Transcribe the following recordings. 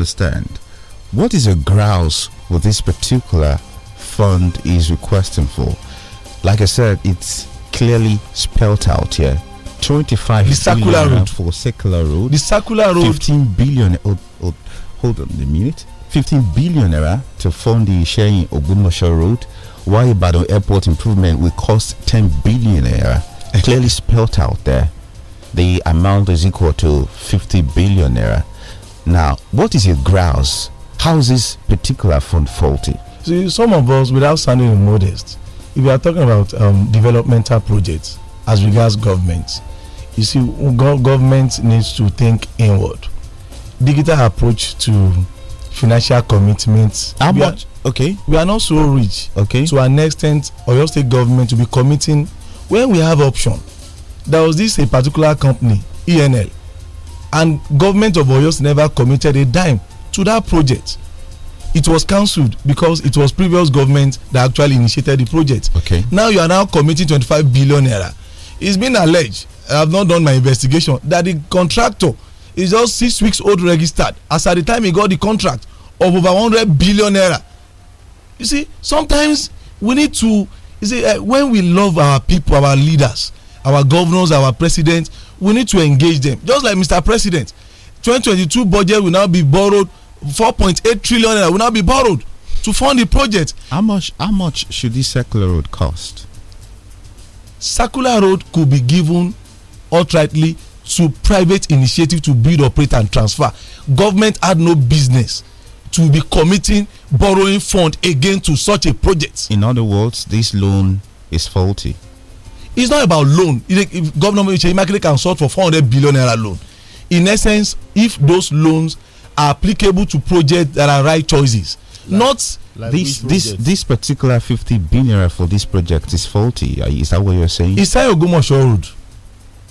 understand. What is a grouse with this particular fund is requesting for? Like I said, it's clearly spelled out here. 25 the circular road for circular road. The circular road. 15 billion. Oh, oh, hold on a minute. 15 billion era to fund the Shein Ogumosho Road. Why Ibadan Airport improvement will cost 10 billion era. Clearly spelled out there. The amount is equal to 50 billion era. Now, what is your grounds? How is this particular fund faulty? See, some of us, without sounding modest, if you are talking about um, developmental projects as regards government, you see, go government needs to think inward. Digital approach to financial commitments. How we much? Are, okay. We are not so rich. Okay. To an extent, Oyo State government to be committing when we have option. There was this a particular company, ENL and government of Oyos never committed a dime to that project. It was cancelled because it was previous government that actually initiated the project. Okay. Now you are now committing 25 billion naira. It's been alleged, I have not done my investigation, that the contractor is just six weeks old registered as at the time he got the contract of over 100 billion naira. You see, sometimes we need to, you see, uh, when we love our people, our leaders, our governors, our presidents, we need to engage them just like mr president 2022 budget will now be borrowed 4.8 trillion naira will now be borrowed to fund the project. how much how much should this circular road cost. circular road could be given outrightly to private initiative to build operate and transfer government had no business to be committing borrowing fund again to such a project. in other words this loan is faulty it's not about loan it, governor Imakile can sort for 400 billion naira loan in essence if those loans are applicable to projects that are right choices like, not like this this this particular 50 billion for this project is faulty is that what you're saying Is isai ogumosho road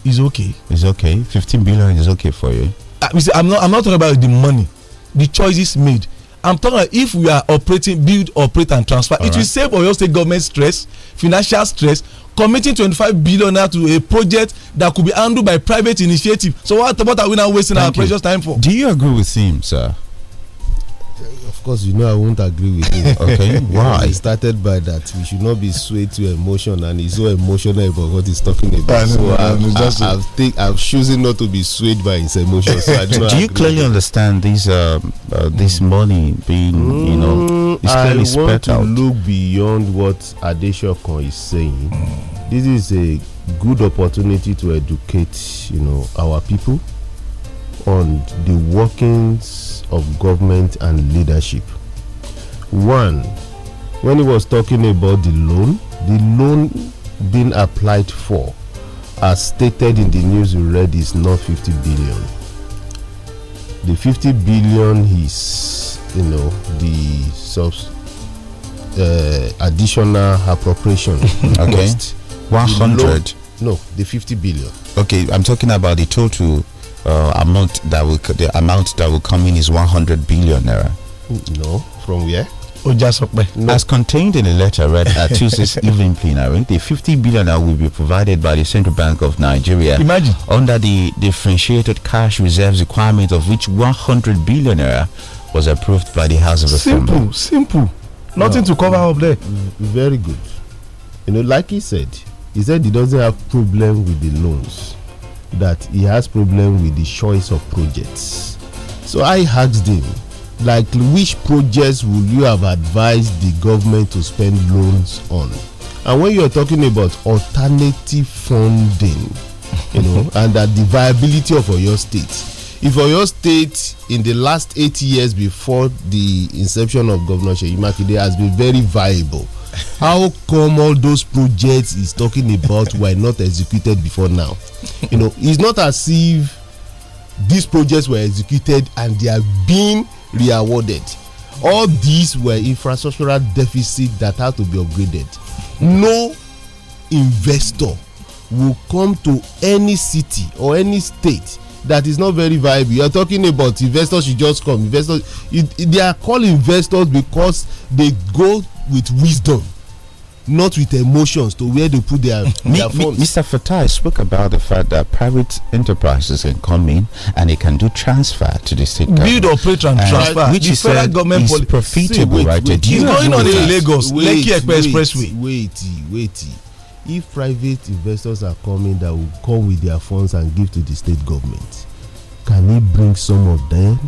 is okay it's okay 15 billion is okay for you uh, I, am not i'm not talking about the money the choices made I'm talking if we are operating, build, operate, and transfer, All it right. will save Oyo State government stress, financial stress, committing 25 billion naira to a project that could be handled by private initiative. So what, about are we now wasting Thank our you. precious time for? Do you agree with him, sir? Of course, you know I won't agree with you. okay, why? started by that we should not be swayed to emotion, and he's so emotional about what he's talking about. so I'm, I'm, just I, have think I'm choosing not to be swayed by his emotions. So do, do you clearly understand this? Uh, uh, this mm. money being, mm, you know, mm, clearly I want to out. look beyond what Adeshokon is saying. Mm. This is a good opportunity to educate, you know, our people on the workings of government and leadership. One, when he was talking about the loan, the loan being applied for, as stated in the news we read, is not 50 billion. The 50 billion is, you know, the subs, uh, additional appropriation. okay. 100. No, the 50 billion. Okay, I'm talking about the total uh, amount that will the amount that will come in is 100 billion naira. No, from where? Ojasope. No. As contained in a letter read at Tuesday's evening plenary, the 50 billion naira will be provided by the Central Bank of Nigeria. Imagine. Under the differentiated cash reserves requirement of which 100 billion naira was approved by the House of Simple, Assembly. simple. Nothing no, to cover up there. Mm, mm, very good. You know, like he said, he said he doesn't have problem with the loans that he has problem with the choice of projects so i asked him like which projects would you have advised the government to spend loans on and when you're talking about alternative funding you know and that the viability of your state if your state in the last eight years before the inception of governor seyi makinde has been very viable how come all those projects he's talking about were not executed before now you know it's not as if these projects were executed and they are being re-awarded all these were infrastructural deficits that had to be upgraded no investor will come to any city or any state that is not very viable you are talking about investors should just come investors it, it, they are called investors because they go with wisdom not with emotions to where they put their, their funds. Mr. Fatai spoke about the fact that private enterprises can come in and they can do transfer to the state Build, operate, and transfer. which the is federal government is profitable, right? Wait, you going on in Lagos, wait, Expressway. Wait, wait. If private investors are coming that will come with their funds and give to the state government, can we bring some of them?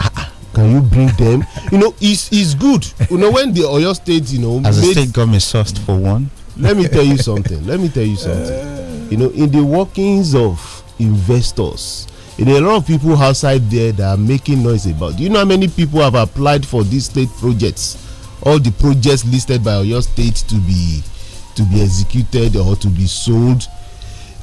Ah, ah can you bring them? you know, it's it's good. You know, when the Oyo State, you know, as a state government sourced for one. Let me tell you something. Let me tell you something. You know, in the workings of investors, in a lot of people outside there that are making noise about. Do you know how many people have applied for these state projects? All the projects listed by Oyo State to be to be executed or to be sold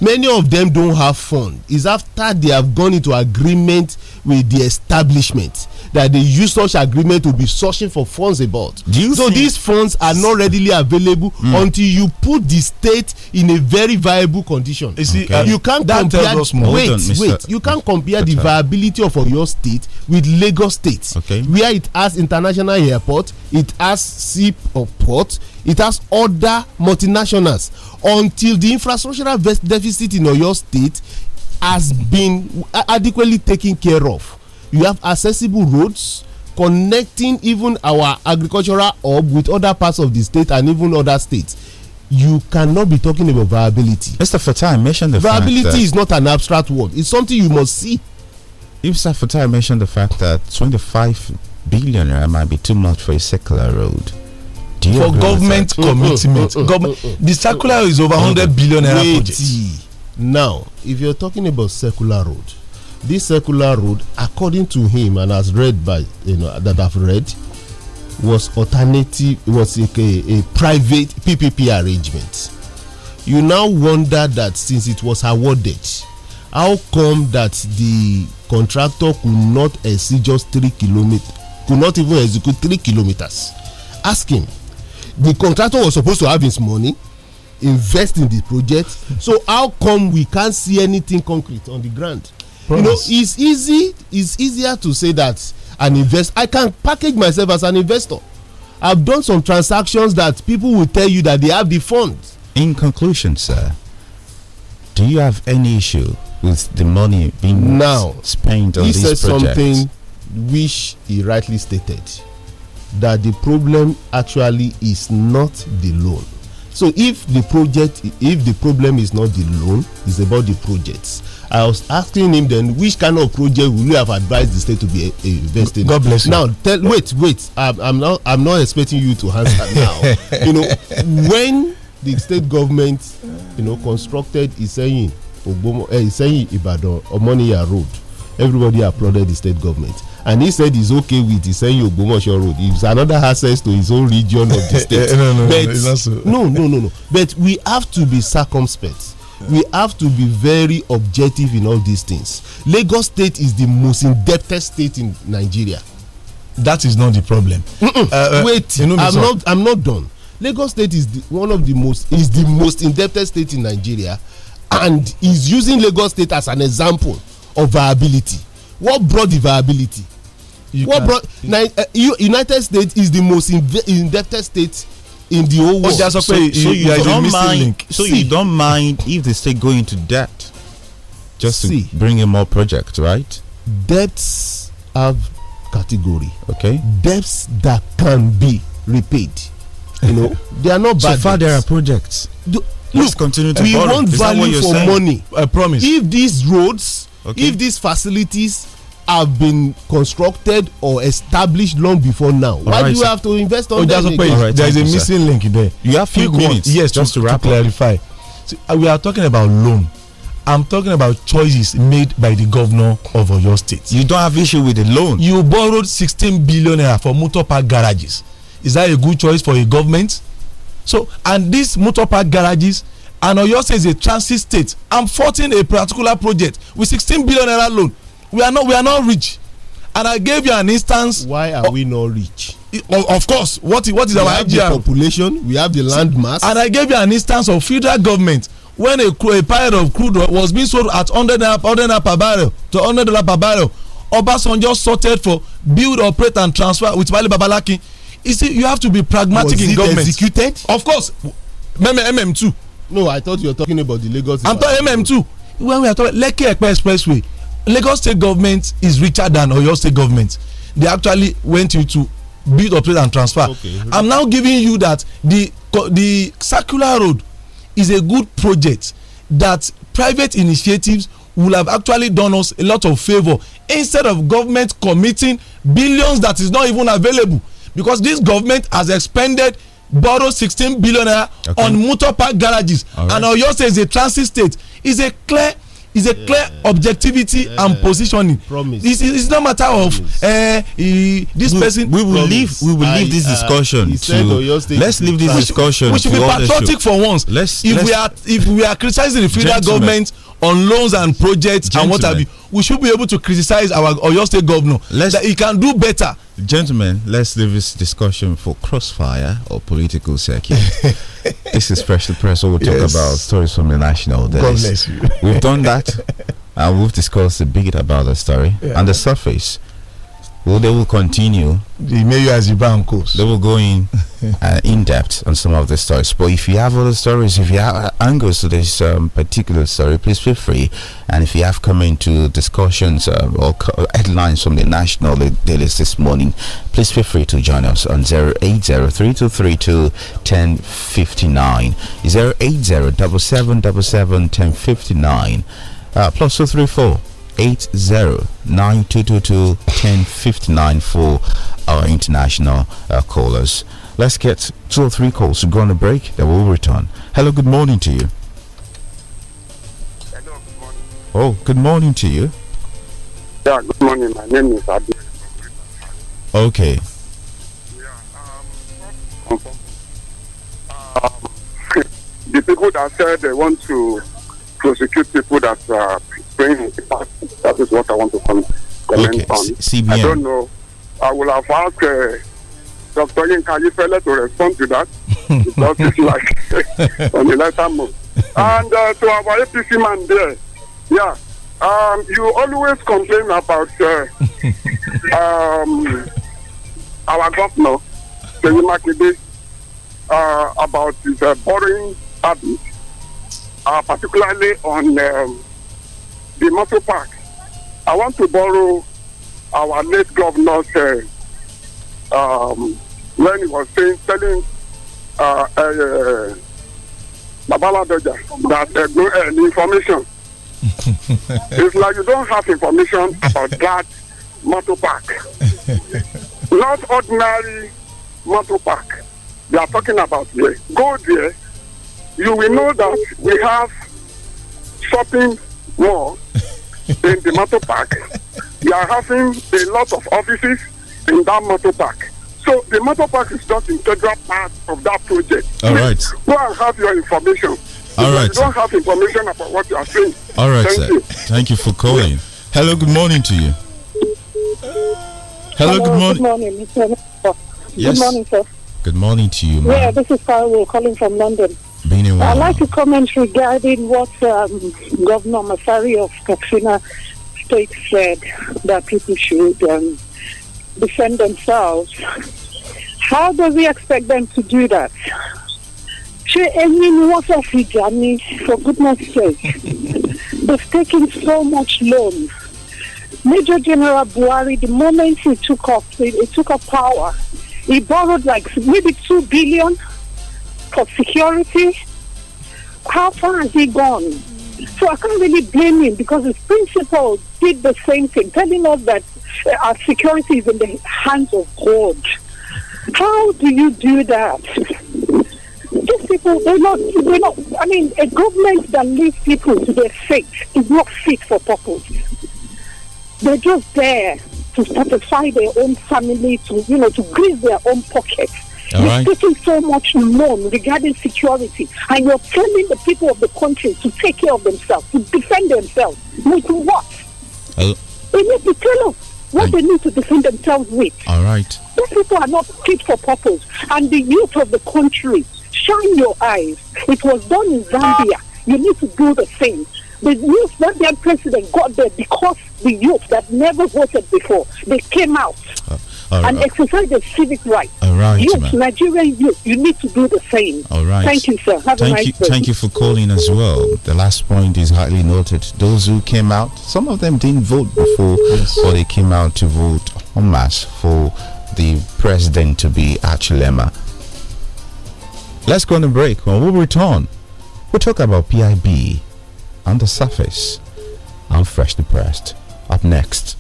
many of them don't have fund Is after they have gone into agreement with the establishment that they use such agreement to be searching for funds about so these funds are not readily available mm. until you put the state in a very viable condition you, see, okay. you uh, can't that compare wait wait you can't compare the viability of your state with lagos state okay. where it has international airport it has sea of port it has other multinationals until the infrastructural deficit in oyo state has been adequately taken care of you have accessible roads connecting even our agricultural hub with other parts of the state and even other states you cannot be talking about viability. Mr. Fatai mentioned the viability is not an abstract word; it's something you must see. If Mr. Fatai mentioned the fact that 25 billionaire might be too much for a secular road. for government mm, mm, mm, commitment, the secular is over 100 billion naira project. Now, if you're talking about secular road, this secular road, according to him and as read by you know that I've read, was alternative was a, a, a private PPP arrangement. You now wonder that since it was awarded, how come that the contractor could not exceed just three kilometers could not even execute three kilometers. Ask him. The contractor was supposed to have his money, invest in the project. So how come we can't see anything concrete on the ground? Promise. You know, it's easy. It's easier to say that an invest. I can package myself as an investor. I've done some transactions that people will tell you that they have the funds. In conclusion, sir, do you have any issue with the money being now spent on this project? something which he rightly stated that the problem actually is not the loan so if the project if the problem is not the loan it's about the projects i was asking him then which kind of project would you have advised the state to be uh, investing god bless you now tell wait wait i'm, I'm not i'm not expecting you to answer now you know when the state government you know constructed iseyin ogbomo eh, iseyin ibadan omoniya road everybody applauded the state government and he said he's okay with the Seyin Ogbomoso road it's another access to his own region of the state eh, eh, no, no, but, no, so. no, no no no but we have to be circumspect we have to be very objective in all these things lagos state is the most indebted state in nigeria that is not the problem mm -mm. Uh, uh, wait you know i'm so. not i'm not done lagos state is the, one of the most is the most indebted state in nigeria and is using lagos state as an example of viability what brought the viability you what brought uh, united states is the most indebted state in the whole world. Oh, so, so, you, you don't mind. So you don't mind if they say go into debt, just See. to bring in more projects, right? Debts have category. Okay. Debts that can be repaid. You know, they are not bad. So far, debts. there are projects. Do, Let's look, continue to we borrow. want value for money. I promise. If these roads Okay. If these facilities have been constructed or established long before now. All Why right, do you sir. have to invest on oh, them? Right, there is a missing sir. link there. You have few minutes. Yes, just to, to, to clarify. Uh, we are talking about loan. I'm talking about choices made by the governor of your state. You don't have issue with the loan. You borrowed 16 billion naira for motor park garages. Is that a good choice for a government? So, and these motor park garages and oyo state is a transit state i'm faulting a particular project with sixteen billion naira loan we are not we are not rich and i gave you an instance. why are we not rich. Of, of course what is what is we our idea. we have the population we have the land mass. and i gave you an instance of federal government when a, a pile of crude was being sold at hundred naira per barrel to hundred dollar per barrel obasanjo sorted for build operate and transfer with Mali babalaki you see you have to be pragmatic in government. was it executed. of course mm mm too. No, I thought you were talking about the Lagos. I'm talking MM2. When we are talking Lekki Expressway, Lagos state government is richer than Oyo state government. They actually went into build, operate, and transfer. Okay. I'm now giving you that the the circular road is a good project that private initiatives will have actually done us a lot of favour instead of government committing billions that is not even available because this government has expended borrow sixteen billion naira okay. on motor park garages right. and oyo state is a transit state is a clear is a yeah. clear objectivity yeah. and positioning. Promise. It's, it's not matter of uh, this we, person. We will leave. We will I, leave this uh, discussion to. Let's leave this discussion. We should, we should be patriotic for once. Let's, if let's, we are if we are criticizing the federal government on loans and projects gentlemen, and what have you we should be able to criticize our oyo state governor let's, that he can do better. gentlemen let's leave this discussion for crossfire or political circuit. this is fresh press we'll yes. talk about stories from the national God bless you. we've done that and we've discussed a bit about the story yeah. and the surface well, they will continue. The mayor as the course. They will go in uh, in depth on some of the stories. But if you have other stories, if you have uh, angles to this um, particular story, please feel free. And if you have come into discussions uh, or headlines from the national dailies this morning, please feel free to join us on 080-3232-1059. 80 Uh, plus 234 80 9222 for our international uh, callers. Let's get two or three calls to go on a break, then we'll return. Hello, good morning to you. Hello, good morning. Oh, good morning to you. Yeah, good morning. My name is Adi. Okay. Yeah, um, um, the people that said they want to prosecute people that are praying in the past that is what I want to comment okay. on. CBN. I don't know. I will have asked uh, Dr. Yinka Yifele to respond to that because it's like on the later move. And uh, to our APC man there, yeah, um, you always complain about uh, um, our governor, Kenny Makide, uh, about his uh, borrowing habits, uh, particularly on um, the muscle park. I want to borrow our late governor's uh, um, when he was saying, telling uh, uh, Babala Doja that uh, uh, information. it's like you don't have information about that motor park. Not ordinary motor park they are talking about here. Go there, you will know that we have shopping mall in the motor park. You are having a lot of offices in that motor park. So the motor park is just integral part of that project. All Please, right. Go and have your information. All right. You don't have information about what you are saying. All right, Thank sir. You. Thank you for calling. Hello, good morning to you. Hello, Hello good morning. Good morning, Mr. Yes. Good morning, sir. Good morning to you, ma'am. Yeah, this is Carol calling from London. Being in I'd like to comment regarding what um, Governor Masari of Katsina State said that people should um, defend themselves. How does he expect them to do that? She, I mean, what have we done? For goodness sake, they've taken so much loans. Major General Buhari, the moment he took off, he, he took up power, he borrowed like maybe two billion of security. How far has he gone? So I can't really blame him because his principal did the same thing, telling us that uh, our security is in the hands of God. How do you do that? These people, they're not, they're not, I mean, a government that leaves people to their fate is not fit for purpose. They're just there to satisfy their own family, to, you know, to grease their own pockets all you're right. putting so much norm regarding security, and you're telling the people of the country to take care of themselves, to defend themselves. With what? Uh, they need to tell us what I, they need to defend themselves with. All right. These people are not fit for purpose, and the youth of the country, shine your eyes. It was done in Zambia. You need to do the same. The youth Zambian president got there because the youth that never voted before they came out. Uh, and exercise your civic right. All right, youth, Nigerian youth, you need to do the same. All right. Thank you, sir. Have thank a nice you, day. Thank you for calling as well. The last point is highly noted. Those who came out, some of them didn't vote before, yes. or they came out to vote en masse for the president to be Achilema. Let's go on a break. When we return, we'll talk about PIB on the surface. I'm fresh depressed. Up next.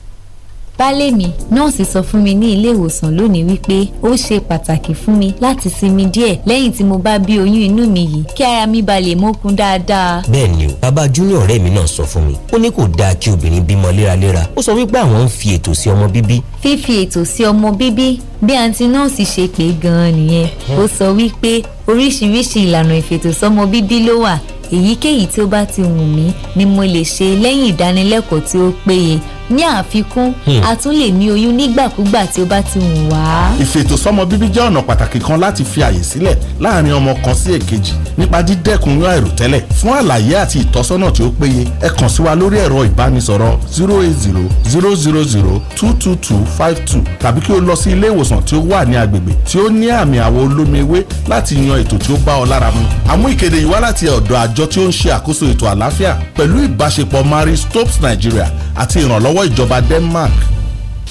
baálé mi nọ́ọ̀sì sọ fún mi ní ilé ìwòsàn lónìí wípé ó ṣe pàtàkì fún mi láti sinmi díẹ̀ lẹ́yìn tí mo bá bí oyún inú mi yìí kí ara mi ba lè mókun dáadáa. bẹ́ẹ̀ni o bàbá junior ọ̀rẹ́ mi náà sọ fún mi ó ní kò dáa kí obìnrin bímọ léraléra ó sọ wípé àwọn ń fi ètò sí ọmọ bíbí. fífi ètò sí ọmọ bíbí bí àǹtí nọ́ọ̀sì ṣe pé gan-an nìyẹn ó sọ wípé oríṣiríṣi ìlànà ìfètòsọ́mọ bíbí ló wà èyíkéyìí tí ó bá ti wù mí ni mo lè ṣe lẹ́yìn ìdánilẹ́kọ̀ọ́ tí ó péye ní àfikún hmm. a tún lè ní oyún nígbàkúgbà tí ó bá ti wù wá. ìfètòsọ́mọ bíbí jẹ́ ọ̀nà pàtàkì kan láti fi àyè sílẹ̀ láàrin ọmọ kan sí èkejì nípa dídẹ́kun oyún àìròtẹ́lẹ̀ fún àlàyé àti ìtọ́sọ́nà tí ó péye ẹ kàn sí wa lórí ẹ̀rọ ìbánisọ̀rọ̀ zero eight zero zero zero zero two two two five two tàbí kí o lọ sí ilé ìwòsàn tí ó wà ní agbègbè tí ó ní àmì àwọ̀ olómi ewé láti yan àwọn ètò tí ó bá ọ lára mu. àwọn ìkéde yìí wá láti ọ̀dọ̀ àjọ tí ó ń ṣe àkóso ètò àlàáfíà pẹ̀lú ìbáṣepọ̀ Marie Stopes Nigeria àti ìrànlọ́wọ́ ìjọba Denmark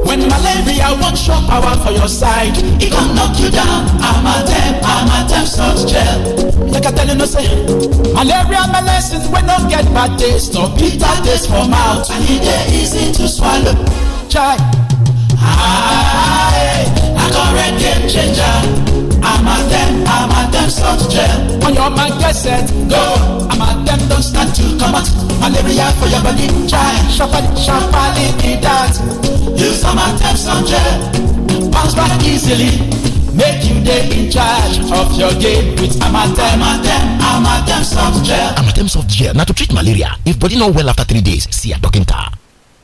when malaria wan show power for your side, it come knock you down. I'm I'm a a Amatem salt gel. like I tell you no say, malaria my lessons medicine don't get bad taste, no bitter taste for mouth, and e dey easy to swallow. Try. I got red game changer. I'm at them, I'm at them, start jail. On your mind, get set, go. I'm at them, don't start to come out. Malaria for your body, try. Sharply, sharply, need that. Use some at them, some gel Bounce back easily. make you day in charge of your game with amatem amatem amatem soft gel. amatem soft gel Now to treat malaria if body not well after three days see a doctor.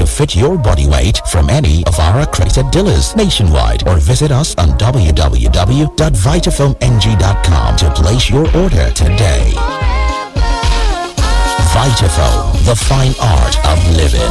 to fit your body weight from any of our accredited dealers nationwide or visit us on www.vitafoamng.com to place your order today. Vitafoam, the fine art of living.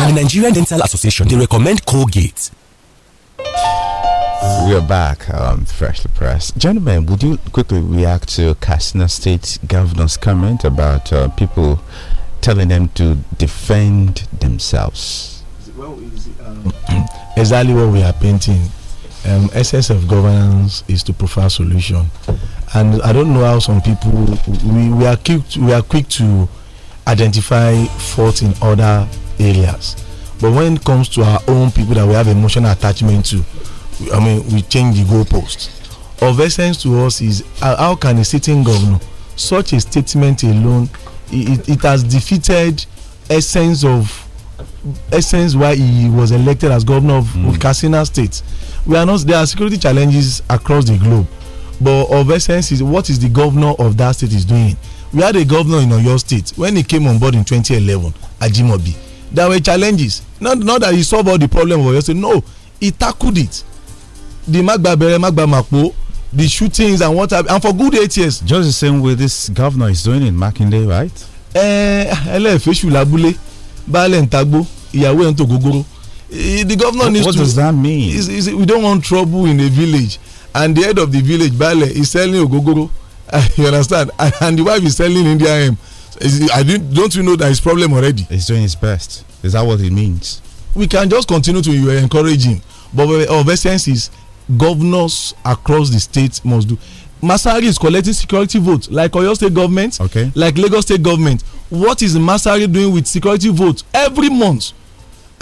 now, the Nigerian Dental Association, they recommend Colgate. We are back um, freshly pressed. Gentlemen, would you quickly react to Katsina State Governor's comment about uh, people telling them to defend themselves? Well, um, exactly what we are painting. Um, essence of governance is to provide solution, and I don't know how some people we, we are quick to, we are quick to identify fault in other areas. But when it comes to our own people that we have emotional attachment to, I mean, we change the goalposts. Of essence to us is how can a sitting governor, such a statement alone, it, it has defeated essence of essence why he was elected as governor of, mm. of Katsina State. We are not there are security challenges across the globe, but of essence is what is the governor of that state is doing. We had a governor in Oyo State when he came on board in 2011, Ajimobi there were challenges not not that he solved all the problem of yesterday no he tackled it the magbabere magbamapo the shootings and what have and for good eight years. just the same way this governor is doing in makinde right. ẹ ẹlẹ́fẹ̀ṣù lábúlé baálé ntagbo ìyàwó ẹ̀ ń tò gógóró eh, the governor what, needs what to what does that mean. we don't want trouble in a village and the head of the village baálé is selling ogogoro you understand and, and the wife is selling indian hemp I didn't, don't you know that his problem already? He's doing his best. Is that what it means? We can just continue to encourage him. But our best sense is governors across the state must do. Masari is collecting security votes like Oyo state government, okay. like Lagos state government. What is Masari doing with security votes every month?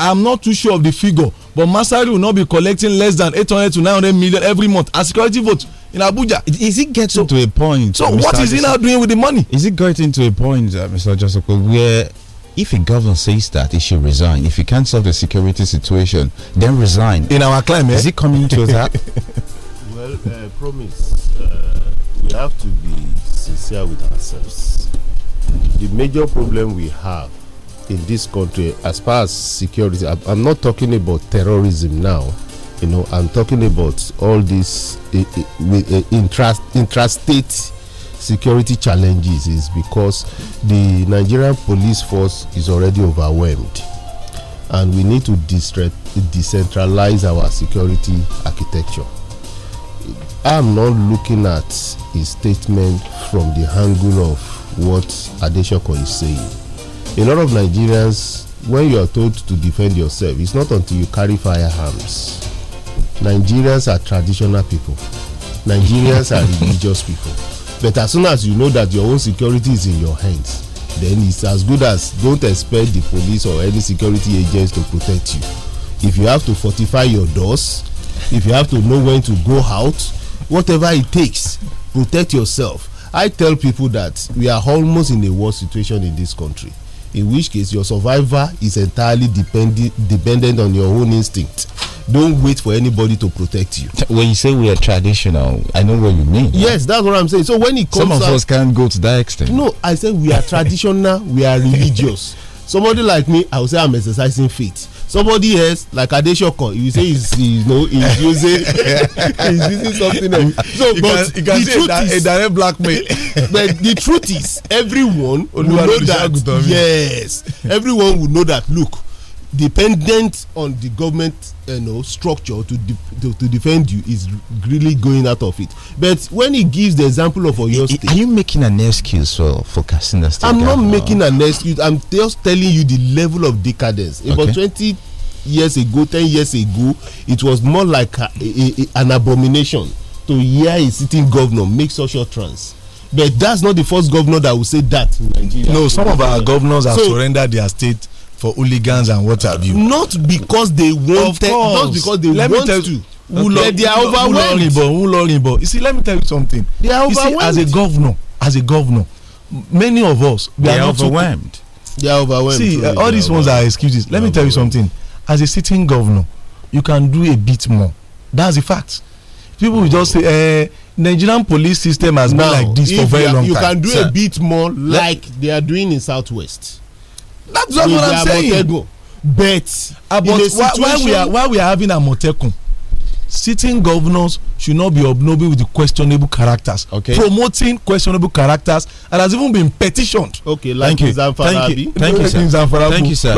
I'm not too sure of the figure, but Masari will not be collecting less than 800 to 900 million every month as security votes in Abuja. Is it getting so, to a point? So Mr. what is he now doing with the money? Is it getting to a point, uh, Mr. Joseph, where if a governor says that he should resign, if he can't solve the security situation, then resign. In our climate, is it coming to that? well, uh, promise. Uh, we have to be sincere with ourselves. The major problem we have in this country, as far as security, I'm not talking about terrorism now you know i'm talking about all these uh, uh, intrastate security challenges is because the nigerian police force is already overwhelmed and we need to decentralize our security architecture i'm not looking at a statement from the angle of what adeshoko is saying a lot of nigerians when you are told to defend yourself it's not until you carry firearms Nigerians are traditional people. Nigerians are religious people. But as soon as you know that your own security is in your hands, then it's as good as don't expect the police or any security agents to protect you. If you have to fortify your doors, if you have to know when to go out, whatever it takes, protect yourself. I tell people that we are almost in a war situation in this country in which case your survival is entirely dependent dependent on your own instinct don't wait for anybody to protect you. when you say we are traditional i know what you mean. Right? yes that's what i'm saying so when it comes some of out, us can't go to that extent. no i say we are traditional we are religious somebody like me i would say i'm exercising faith somebody else like adesokan he You say he's he's no he's using he's using something else. so you but can, the truth a, is a direct blackmail. but the truth is everyone will know that yes everyone will know that look dependent on the government you know, structure to, de to, to defend you is really going out of it. But when he gives the example of Oyo State, are you making an excuse for for State? I'm not making an excuse. I'm just telling you the level of decadence. Okay. About twenty years ago, ten years ago, it was more like a, a, a, an abomination to hear a sitting governor make such trans. but that's not the first governor that will say that in nigeria no some of our governors have so, surrendered their state for hooligans and what have you. not because they wanted not because they let want to wúlọ wúlọ rìnbọn wúlọ rìnbọn you see let me tell you something they are you see as a governor as a governor many of us we they are, are overwhelmed so, they are overwhelmed see uh, all these ones are excuses let me tell you something as a sitting governor you can do a bit more that's a fact people will just say eh, nigerian police system has now, been like this for very long you time you can do a bit more like they are doing in southwest that's what i'm saying but about why we are why we are having amotekun sitting governors should not be obnoble with the questionable characters. Okay. Promoting questionable characters and has even been petitioned. Okay, like thank you, thank you, thank you, sir. Thank you, sir.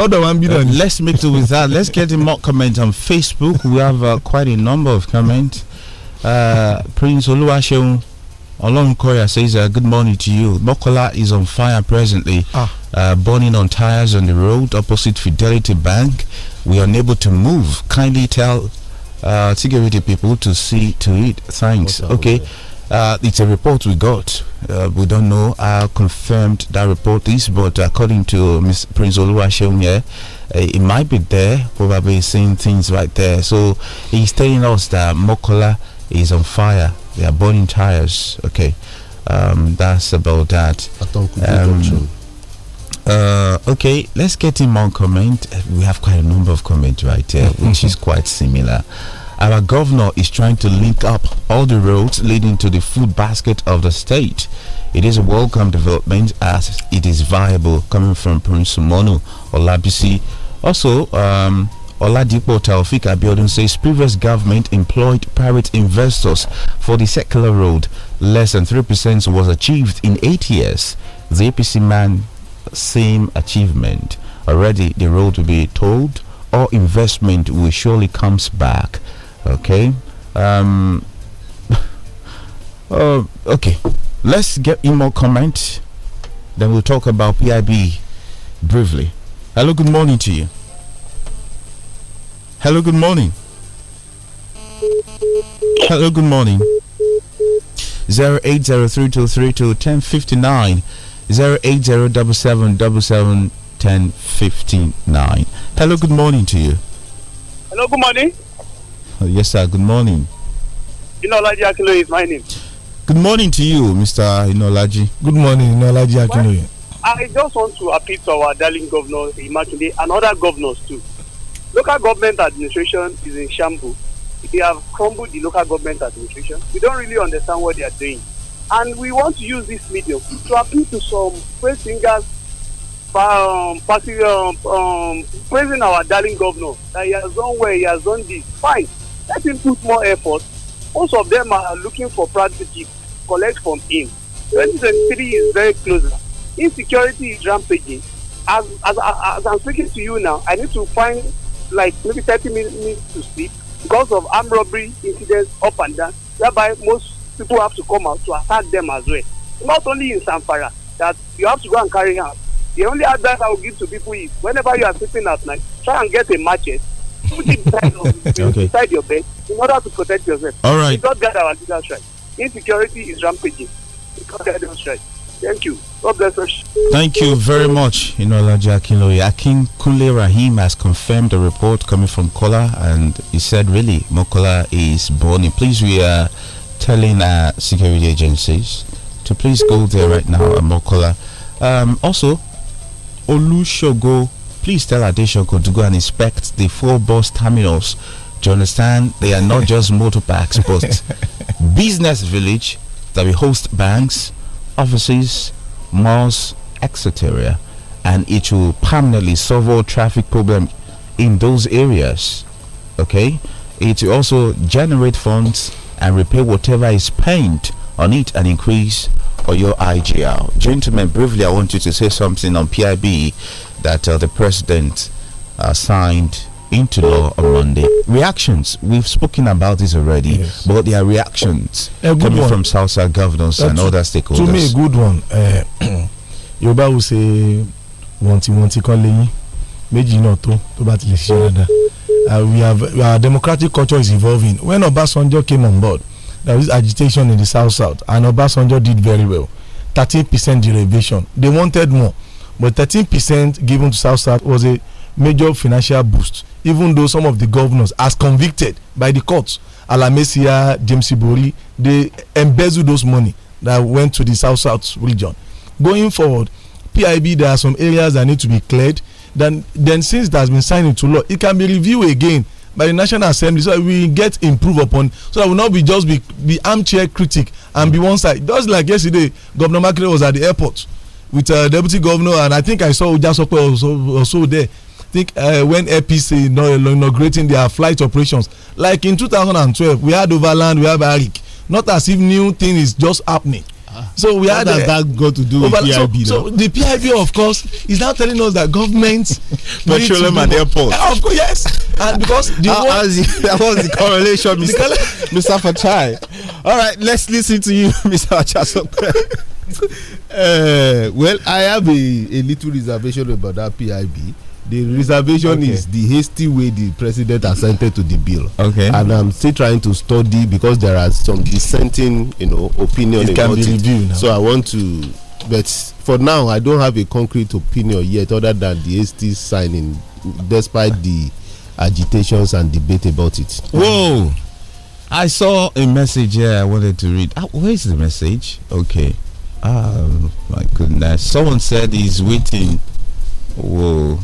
let's make it with that. Let's get more comments on Facebook. We have uh, quite a number of comments. Uh, Prince Oluwaseun Olon Korea says, uh, Good morning to you. Mokola is on fire presently, ah. uh, burning on tires on the road opposite Fidelity Bank. We are unable to move. Kindly tell uh, security people to see to it. Thanks. Okay. Uh, it's a report we got. Uh, we don't know how confirmed that report is, but according to Ms. Prince Oluwashim here, uh, it might be there, probably seeing things right there. So he's telling us that Mokola is on fire they are burning tires. Okay, um, that's about that. Um, uh, okay, let's get in one comment. Uh, we have quite a number of comments right here, which is quite similar. Our governor is trying to link up all the roads leading to the food basket of the state. It is a welcome development as it is viable coming from Prince Sumono or Labisi. Also, um, Oladipo Taufik Abiodun says previous government employed private investors for the secular road. Less than 3% was achieved in eight years. The APC man, same achievement. Already the road will be told all investment will surely comes back. Okay. Um, uh, okay. Let's get in more comments. Then we'll talk about PIB briefly. Hello, good morning to you. Hello, good morning. Hello, good morning. 08032321059 Hello, good morning to you. Hello, good morning. Oh, yes, sir, good morning. Inolaji Akinloye is my name. Good morning to you, Mr. Inolaji. Good morning, Inolaji Akinloye. Well, I just want to appeal to our darling governor, Imakinde, and other governors too. Local government administration is in shambles. They have crumbled the local government administration. We don't really understand what they are doing. And we want to use this medium to appeal to some praise singers um, passing, um, um, praising our darling governor that he has done well, he has done this. Fine. Let him put more effort. Most of them are looking for to collect from him. 2023 is very close. Insecurity is rampaging. As, as, as I'm speaking to you now, I need to find like maybe 30 minutes to sleep because of armed robbery incidents up and down, whereby most people have to come out to attack them as well. Not only in Samfara, that you have to go and carry out. The only advice I will give to people is whenever you are sleeping at night, try and get a matches. Put it inside, of, okay. inside your bed in order to protect yourself. All right. We don't our leaders right. Insecurity is rampaging. We right. Thank you. God bless us. Thank you very much, Inola Jakinloye. Akin Kule Rahim has confirmed the report coming from Kola, and he said, really, Mokola is burning. Please, we are telling our security agencies to please go there right now at Mokola. Um, also, Olushogo, please tell Adeshoko to go and inspect the four bus terminals. Do you understand? They are not just motor parks, but business village that we host banks, offices, malls, etc., and it will permanently solve all traffic problems in those areas. Okay, it will also generate funds and repay whatever is spent on it and increase or your IGL. Gentlemen, briefly, I want you to say something on PIB that uh, the president uh, signed into law on Monday. Reactions, we've spoken about this already, yes. but there are reactions coming one. from South governors That's and other stakeholders. To me, a good one. Uh, Yorùbá will say, wanti, kan lẹ́yìn méjì náà tó tó bá ti lè ṣiṣẹ́ uh, we have our democratic culture is evolving. When Obasanjo came on board, there was agitation in the South South, and Obasanjo did very well. 13% derivation. They wanted more, but 13% given to South South was a major financial boost, even though some of the governors, as convicted by the courts, Alamesia, James Ibori, they embezzled those money that went to the South South region. Going forward, PIB, there are some areas that need to be cleared. Then, then since it has been signed into law, it can be reviewed again by the National Assembly so we get improve upon so that we not be just be, be armchair critic and be one side. Just like yesterday, Governor Makere was at the airport with uh, deputy governor and I think I saw Ujasope also, also there think uh, when APC inaugurating their flight operations, like in 2012, we had Overland, we have Arik. Not as if new thing is just happening. Ah. so we had uh, that, that got to do with PIB so, so, the PIB of course is now telling us that government petroleum and airport of course yes and because the uh, one that was the correlation Mr. Mr. Fatai all right let's listen to you Mr. Achaso uh, well I have a, a little reservation about that PIB the reservation okay. is the hasty way the president assented to the bill. Okay. And I'm still trying to study because there are some dissenting, you know, opinion it about it. So I want to, but for now I don't have a concrete opinion yet, other than the hasty signing, despite the agitations and debate about it. Whoa! I saw a message here I wanted to read. Ah, where is the message? Okay. Oh my goodness! Someone said he's waiting. Whoa.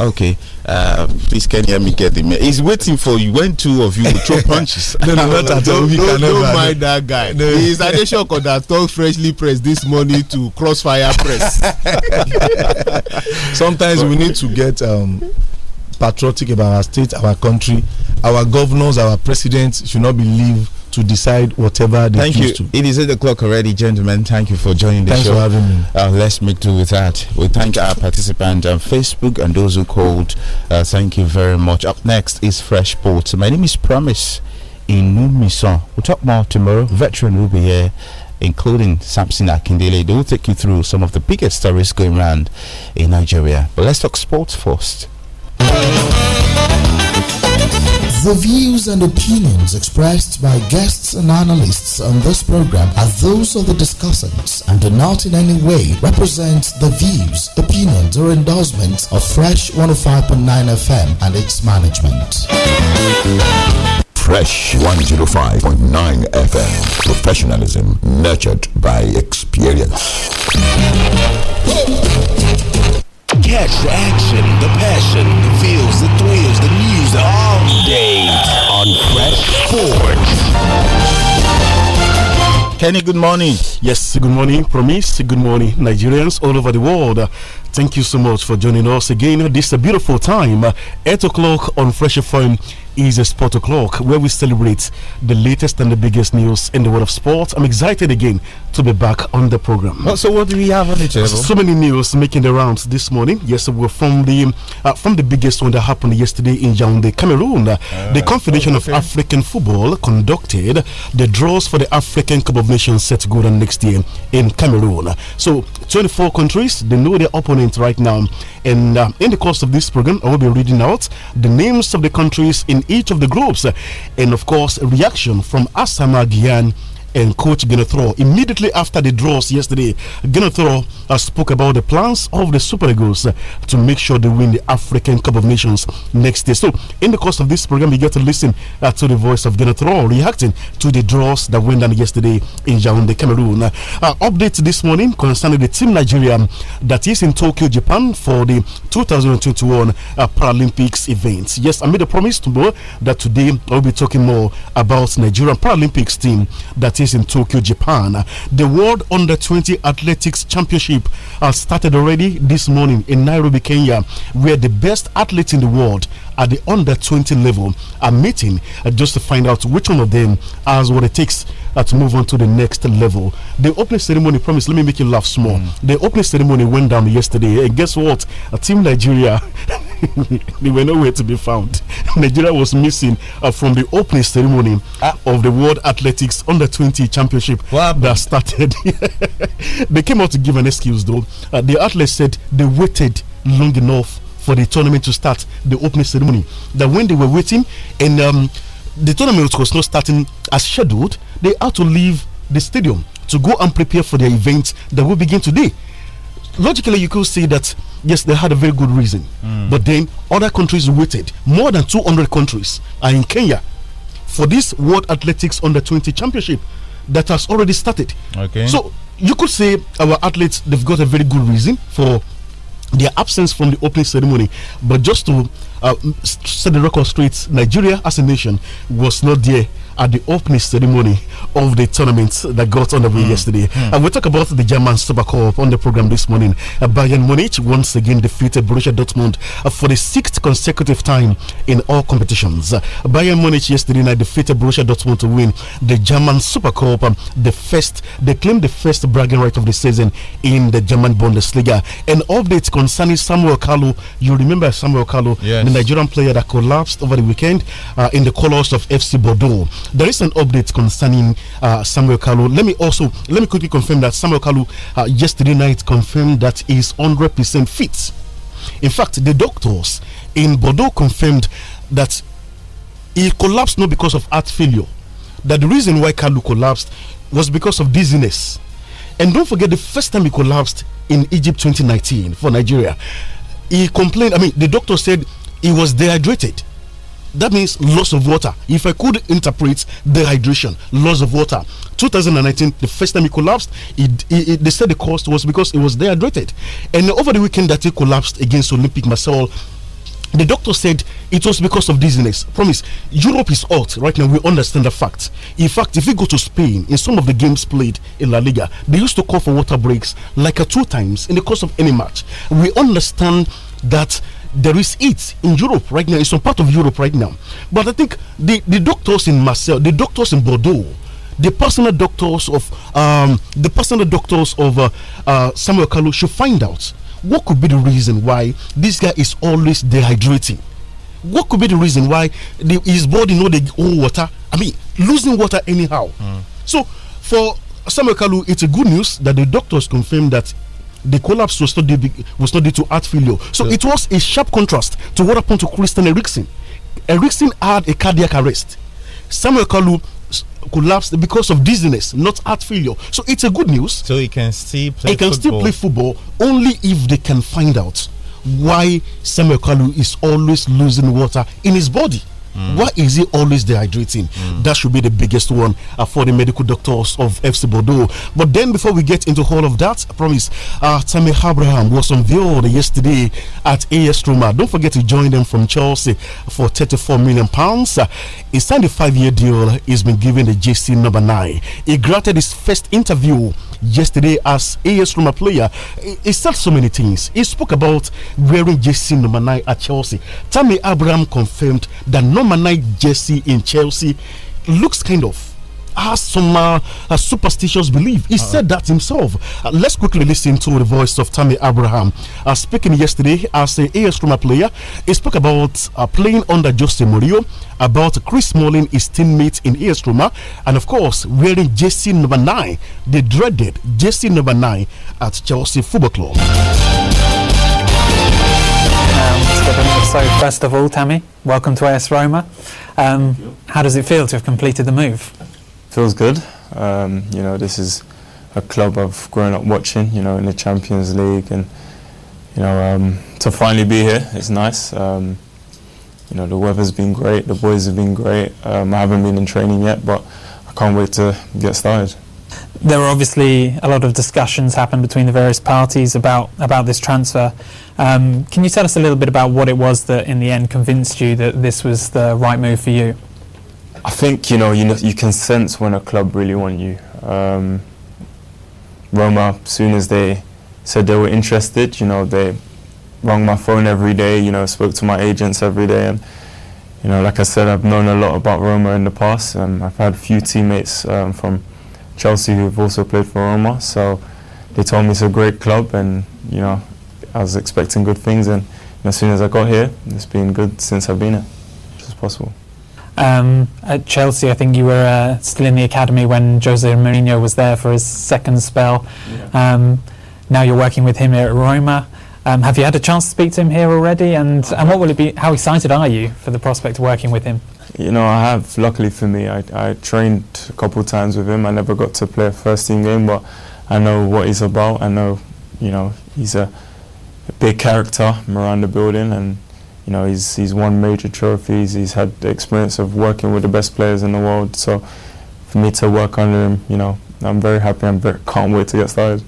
Okay. Uh, please, can you help me get the man? He's waiting for you when two of you throw punches. no, no, not at all. Don't, don't, don't mind that guy. No. He's Adeshoko that talk freshly pressed this morning to Crossfire Press. Sometimes we need to get um, patriotic about our state, our country. Our governors, our presidents should not believe to decide whatever they Thank choose you. to. It is 8 o'clock already, gentlemen. Thank you for joining the show. Thanks for having me. Uh, let's make do with that. We thank our participants on Facebook and those who called. Uh, thank you very much. Up next is Fresh Sports. My name is Promise Inumison. We'll talk more tomorrow. Veteran will be here including Samson Akindele. They will take you through some of the biggest stories going around in Nigeria. But let's talk sports first. The views and opinions expressed by guests and analysts on this program are those of the discussants and do not in any way represent the views, opinions, or endorsements of Fresh 105.9 FM and its management. Fresh 105.9 FM. Professionalism nurtured by experience. Catch the action, the passion, the feels, the thrills, the news all day on Fresh Sports. Kenny, good morning. Yes, good morning, Promise. Good morning, Nigerians all over the world. Thank you so much for joining us again. This is a beautiful time, 8 o'clock on Fresh Fun is a Sport O'Clock, where we celebrate the latest and the biggest news in the world of sport. I'm excited again to be back on the program. Well, so, what do we have on the table? So many news making the rounds this morning. Yes, we're from the uh, from the biggest one that happened yesterday in Yaoundé, Cameroon. Uh, the ah, Confederation okay. of African Football conducted the draws for the African Cup of Nations set to go on next year in Cameroon. So, 24 countries they know their opponent right now, and uh, in the course of this program, I will be reading out the names of the countries in in each of the groups. And of course, reaction from Asama Gyan and coach Genethro. Immediately after the draws yesterday, Genethro uh, spoke about the plans of the Super Eagles uh, to make sure they win the African Cup of Nations next year. So, in the course of this program, you get to listen uh, to the voice of Genethro reacting to the draws that went down yesterday in Yaoundé, Cameroon. Uh, uh, update this morning concerning the team Nigeria that is in Tokyo, Japan for the 2021 uh, Paralympics event. Yes, I made a promise tomorrow that today I'll be talking more about Nigerian Paralympics team that is in Tokyo, Japan. The World Under 20 Athletics Championship has started already this morning in Nairobi, Kenya, where the best athletes in the world at the under 20 level are meeting uh, just to find out which one of them has what it takes uh, to move on to the next level. The opening ceremony, promise, let me make you laugh small. Mm. The opening ceremony went down yesterday, and guess what? A Team Nigeria. they were nowhere to be found. Nigeria was missing uh, from the opening ceremony ah. of the World Athletics Under 20 Championship that started. they came out to give an excuse, though. Uh, the athletes said they waited long enough for the tournament to start, the opening ceremony. That when they were waiting and um, the tournament was not starting as scheduled, they had to leave the stadium to go and prepare for the event that will begin today. Logically, you could say that yes, they had a very good reason, mm. but then other countries waited. More than 200 countries are in Kenya for this World Athletics Under 20 Championship that has already started. Okay, so you could say our athletes they've got a very good reason for their absence from the opening ceremony. But just to uh, set the record straight, Nigeria as a nation was not there at the opening ceremony of the tournament that got underway mm. yesterday. Mm. And we'll talk about the German Super Cup on the program this morning. Uh, Bayern Munich once again defeated Borussia Dortmund uh, for the sixth consecutive time in all competitions. Uh, Bayern Munich yesterday night defeated Borussia Dortmund to win the German Super Cup, um, the first, they claim the first bragging right of the season in the German Bundesliga. An update concerning Samuel Kalu. You remember Samuel Kalu, yes. the Nigerian player that collapsed over the weekend uh, in the colors of FC Bordeaux. There is an update concerning uh, Samuel Kalu. Let me also let me quickly confirm that Samuel Kalu uh, yesterday night confirmed that he's 100% fit. In fact, the doctors in Bordeaux confirmed that he collapsed not because of heart failure. That the reason why Kalu collapsed was because of dizziness. And don't forget the first time he collapsed in Egypt 2019 for Nigeria. He complained, I mean, the doctor said he was dehydrated that means loss of water. If I could interpret dehydration, loss of water. 2019, the first time he collapsed, it, it, it, they said the cost was because it was dehydrated. And over the weekend that he collapsed against Olympic Marseille, the doctor said it was because of dizziness. Promise, Europe is out right now. We understand the fact. In fact, if you go to Spain, in some of the games played in La Liga, they used to call for water breaks like two times in the course of any match. We understand that there is it in Europe right now. It's some part of Europe right now. But I think the, the doctors in Marseille, the doctors in Bordeaux, the personal doctors of um, the personal doctors of uh, uh, Samuel Kalu should find out what could be the reason why this guy is always dehydrating. What could be the reason why the, his body know the old water? I mean, losing water anyhow. Mm. So for Samuel Kalu, it's a good news that the doctors confirmed that the collapse was not due, was not due to heart failure. So yeah. it was a sharp contrast to what happened to Christian Eriksen. Eriksen had a cardiac arrest. Samuel Kalu collapsed because of dizziness, not heart failure. So it's a good news. So he can still play. He can football. still play football only if they can find out why Samuel Kalu is always losing water in his body. Mm. Why is he always dehydrating? Mm. That should be the biggest one uh, for the medical doctors of FC Bordeaux. But then, before we get into all of that, I promise, uh, Tammy Abraham was on unveiled yesterday at AS Roma. Don't forget to join them from Chelsea for 34 million pounds. Uh, he signed a five-year deal. He's been given the JC number nine. He granted his first interview yesterday as AS Roma player. He, he said so many things. He spoke about wearing JC number nine at Chelsea. Tammy Abraham confirmed that. No number nine jersey in Chelsea looks kind of has some uh, uh superstitious belief. He uh -huh. said that himself. Uh, let's quickly listen to the voice of Tammy Abraham. Uh, speaking yesterday as a AS Roma player, he spoke about playing under Jose Mourinho, about Chris Smalling, his teammate in AS Roma, and of course, wearing JC number 9, the dreaded JC number 9 at Chelsea Football Club. So first of all, Tammy, welcome to AS Roma. Um, how does it feel to have completed the move? Feels good. Um, you know, this is a club I've grown up watching. You know, in the Champions League, and you know, um, to finally be here, it's nice. Um, you know, the weather's been great. The boys have been great. Um, I haven't been in training yet, but I can't wait to get started. There were obviously a lot of discussions happened between the various parties about, about this transfer. Um, can you tell us a little bit about what it was that in the end convinced you that this was the right move for you? I think you know you, know, you can sense when a club really want you. Um, Roma, soon as they said they were interested, you know they rang my phone every day. You know, spoke to my agents every day, and you know, like I said, I've known a lot about Roma in the past. and I've had a few teammates um, from Chelsea, who've also played for Roma. So they told me it's a great club, and you know, I was expecting good things. And as soon as I got here, it's been good since I've been here, as possible. Um, at Chelsea, I think you were uh, still in the academy when Jose Mourinho was there for his second spell. Yeah. Um, now you're working with him here at Roma. Um, have you had a chance to speak to him here already? And, and what will it be? How excited are you for the prospect of working with him? you know, I have. Luckily for me, I, I trained a couple times with him. I never got to play a first team game, but I know what he's about. I know, you know, he's a, a big character around the building, and you know, he's he's won major trophies. He's had the experience of working with the best players in the world. So, for me to work under him, you know, I'm very happy. I'm very, can't wait to get started.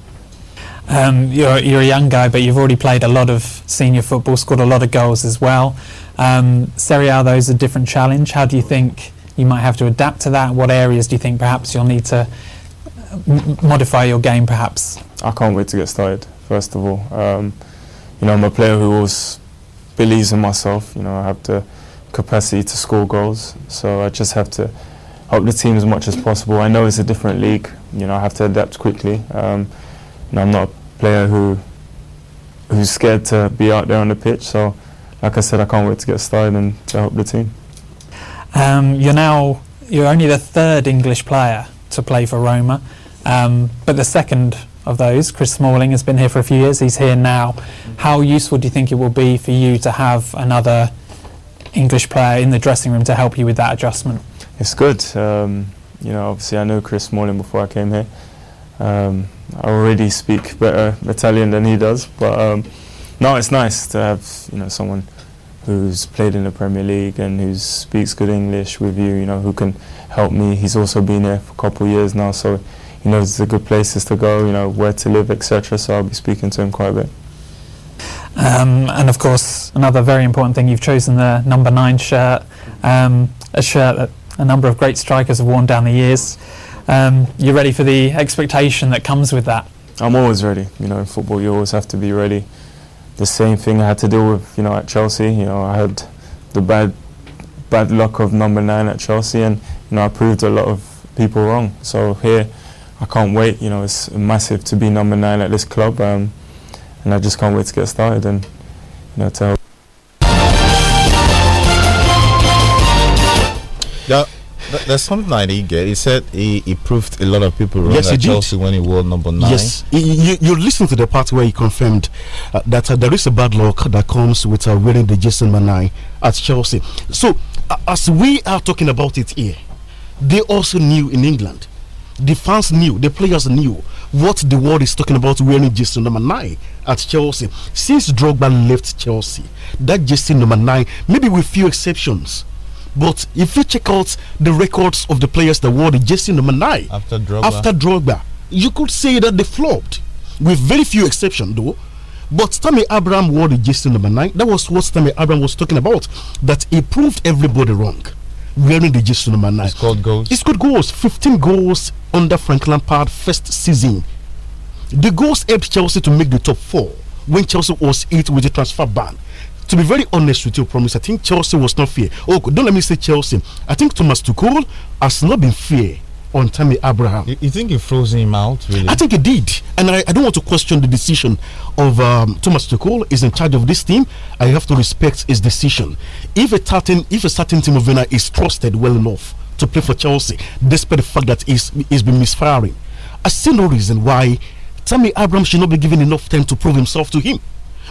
Um, you're, you're, a young guy, but you've already played a lot of senior football, scored a lot of goals as well. Um, Serie A, though, is a different challenge. How do you think you might have to adapt to that? What areas do you think perhaps you'll need to uh, m- modify your game, perhaps? I can't wait to get started, first of all. Um, you know, I'm a player who always believes in myself. You know, I have the capacity to score goals, so I just have to help the team as much as possible. I know it's a different league. You know, I have to adapt quickly. Um, you know, I'm not player who who's scared to be out there on the pitch. So, like I said, I can't wait to get started and to help the team. Um, you're now you're only the third English player to play for Roma, um, but the second of those, Chris Smalling, has been here for a few years. He's here now. How useful do you think it will be for you to have another English player in the dressing room to help you with that adjustment? It's good. Um, you know, obviously I knew Chris Smalling before I came here. Um, I already speak better Italian than he does, but um, no, it's nice to have you know someone who's played in the Premier League and who speaks good English with you. You know who can help me. He's also been here for a couple of years now, so he knows the good places to go. You know where to live, etc. So I'll be speaking to him quite a bit. Um, and of course, another very important thing, you've chosen the number nine shirt, um, a shirt that a number of great strikers have worn down the years um, you're ready for the expectation that comes with that. I'm always ready. You know, in football, you always have to be ready. The same thing I had to deal with, you know, at Chelsea. You know, I had the bad, bad luck of number nine at Chelsea, and you know, I proved a lot of people wrong. So here, I can't wait. You know, it's massive to be number nine at this club, um, and I just can't wait to get started and, you know, to help. Yeah. There's something I didn't get. He said he, he proved a lot of people wrong yes, at Chelsea when he won number nine. Yes, he, you, you listen to the part where he confirmed uh, that uh, there is a bad luck that comes with uh, wearing the Jason Manai at Chelsea. So, uh, as we are talking about it here, they also knew in England. The fans knew, the players knew what the world is talking about wearing jersey number nine at Chelsea. Since Drogba left Chelsea, that jersey number nine, maybe with few exceptions, but if you check out the records of the players that won the JC number nine after Drogba, after Drogba you could say that they flopped, with very few exceptions though. But Tammy Abraham wore the Jesse number nine. That was what Tammy Abraham was talking about. That he proved everybody wrong. Wearing the Jesse number nine. He scored goals. He scored goals. 15 goals under Frank Lampard first season. The goals helped Chelsea to make the top four when Chelsea was hit with the transfer ban to be very honest with you, promise, I think Chelsea was not fair. Oh, don't let me say Chelsea. I think Thomas Tuchel has not been fair on Tammy Abraham. You, you think he froze him out, really? I think he did. And I, I don't want to question the decision of um, Thomas Tuchel. He's in charge of this team. I have to respect his decision. If a certain, if a certain of Werner is trusted well enough to play for Chelsea, despite the fact that he's, he's been misfiring, I see no reason why Tammy Abraham should not be given enough time to prove himself to him.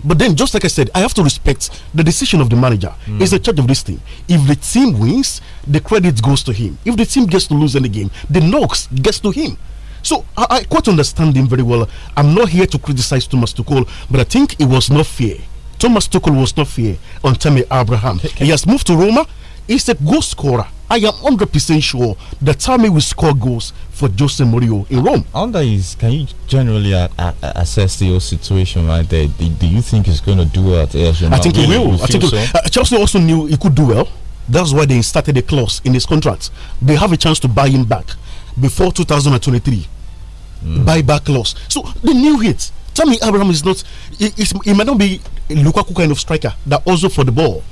But then, just like I said, I have to respect the decision of the manager. Mm. He's the charge of this team. If the team wins, the credit goes to him. If the team gets to lose in the game, the knocks gets to him. So I, I, quite understand him very well. I'm not here to criticize Thomas Tuchel, but I think it was not fair. Thomas Tuchel was not fair on Tammy Abraham. Okay. He has moved to Roma. He's a goal scorer. I am 100% sure that Tammy will score goals for Jose Mourinho in Rome. Under is, can you generally assess the whole situation right there? Do, do you think he's going to do well at I think he will. I think so? uh, Chelsea also knew he could do well. That's why they started a clause in his contract. They have a chance to buy him back before 2023. Mm. Buyback clause. So they knew it. Tammy Abraham is not. He, he might not be a Lukaku kind of striker that also for the ball,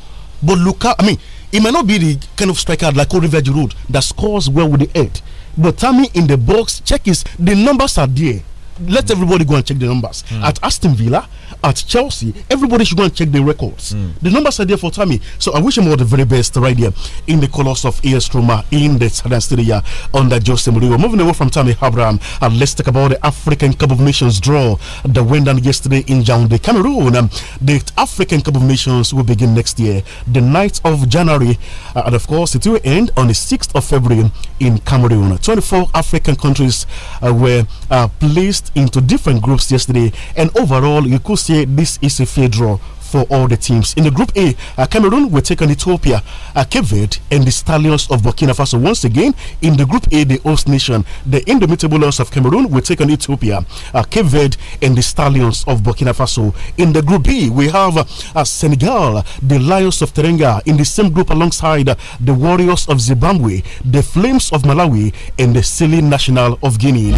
but Lukaku. I mean he may not be the kind of striker like Oliver Giroud that scores well with the head. But Tammy in the box, check his the numbers are there. Let mm. everybody go and check the numbers. Mm. At Aston Villa, at Chelsea, everybody should go and check the records. Mm. The numbers are there for Tammy. So I wish him all the very best right here in the colours of AS Roma in the Southern Syria under Jose Mourinho. Moving away from Tammy Abraham, and let's talk about the African Cup of Nations draw that went down yesterday in Yaoundé, Cameroon. Um, the African Cup of Nations will begin next year, the 9th of January, uh, and of course it will end on the 6th of February in Cameroon. 24 African countries uh, were uh, placed into different groups yesterday, and overall you could see say this is a federal for all the teams. In the Group A, uh, Cameroon will take on Ethiopia, uh, Cape Verde, and the Stallions of Burkina Faso. Once again, in the Group A, the host nation, the indomitable loss of Cameroon will take on Ethiopia, uh, Cape Verde, and the Stallions of Burkina Faso. In the Group B, we have uh, uh Senegal, the Lions of Terenga, in the same group alongside uh, the Warriors of Zimbabwe, the Flames of Malawi, and the silly National of Guinea.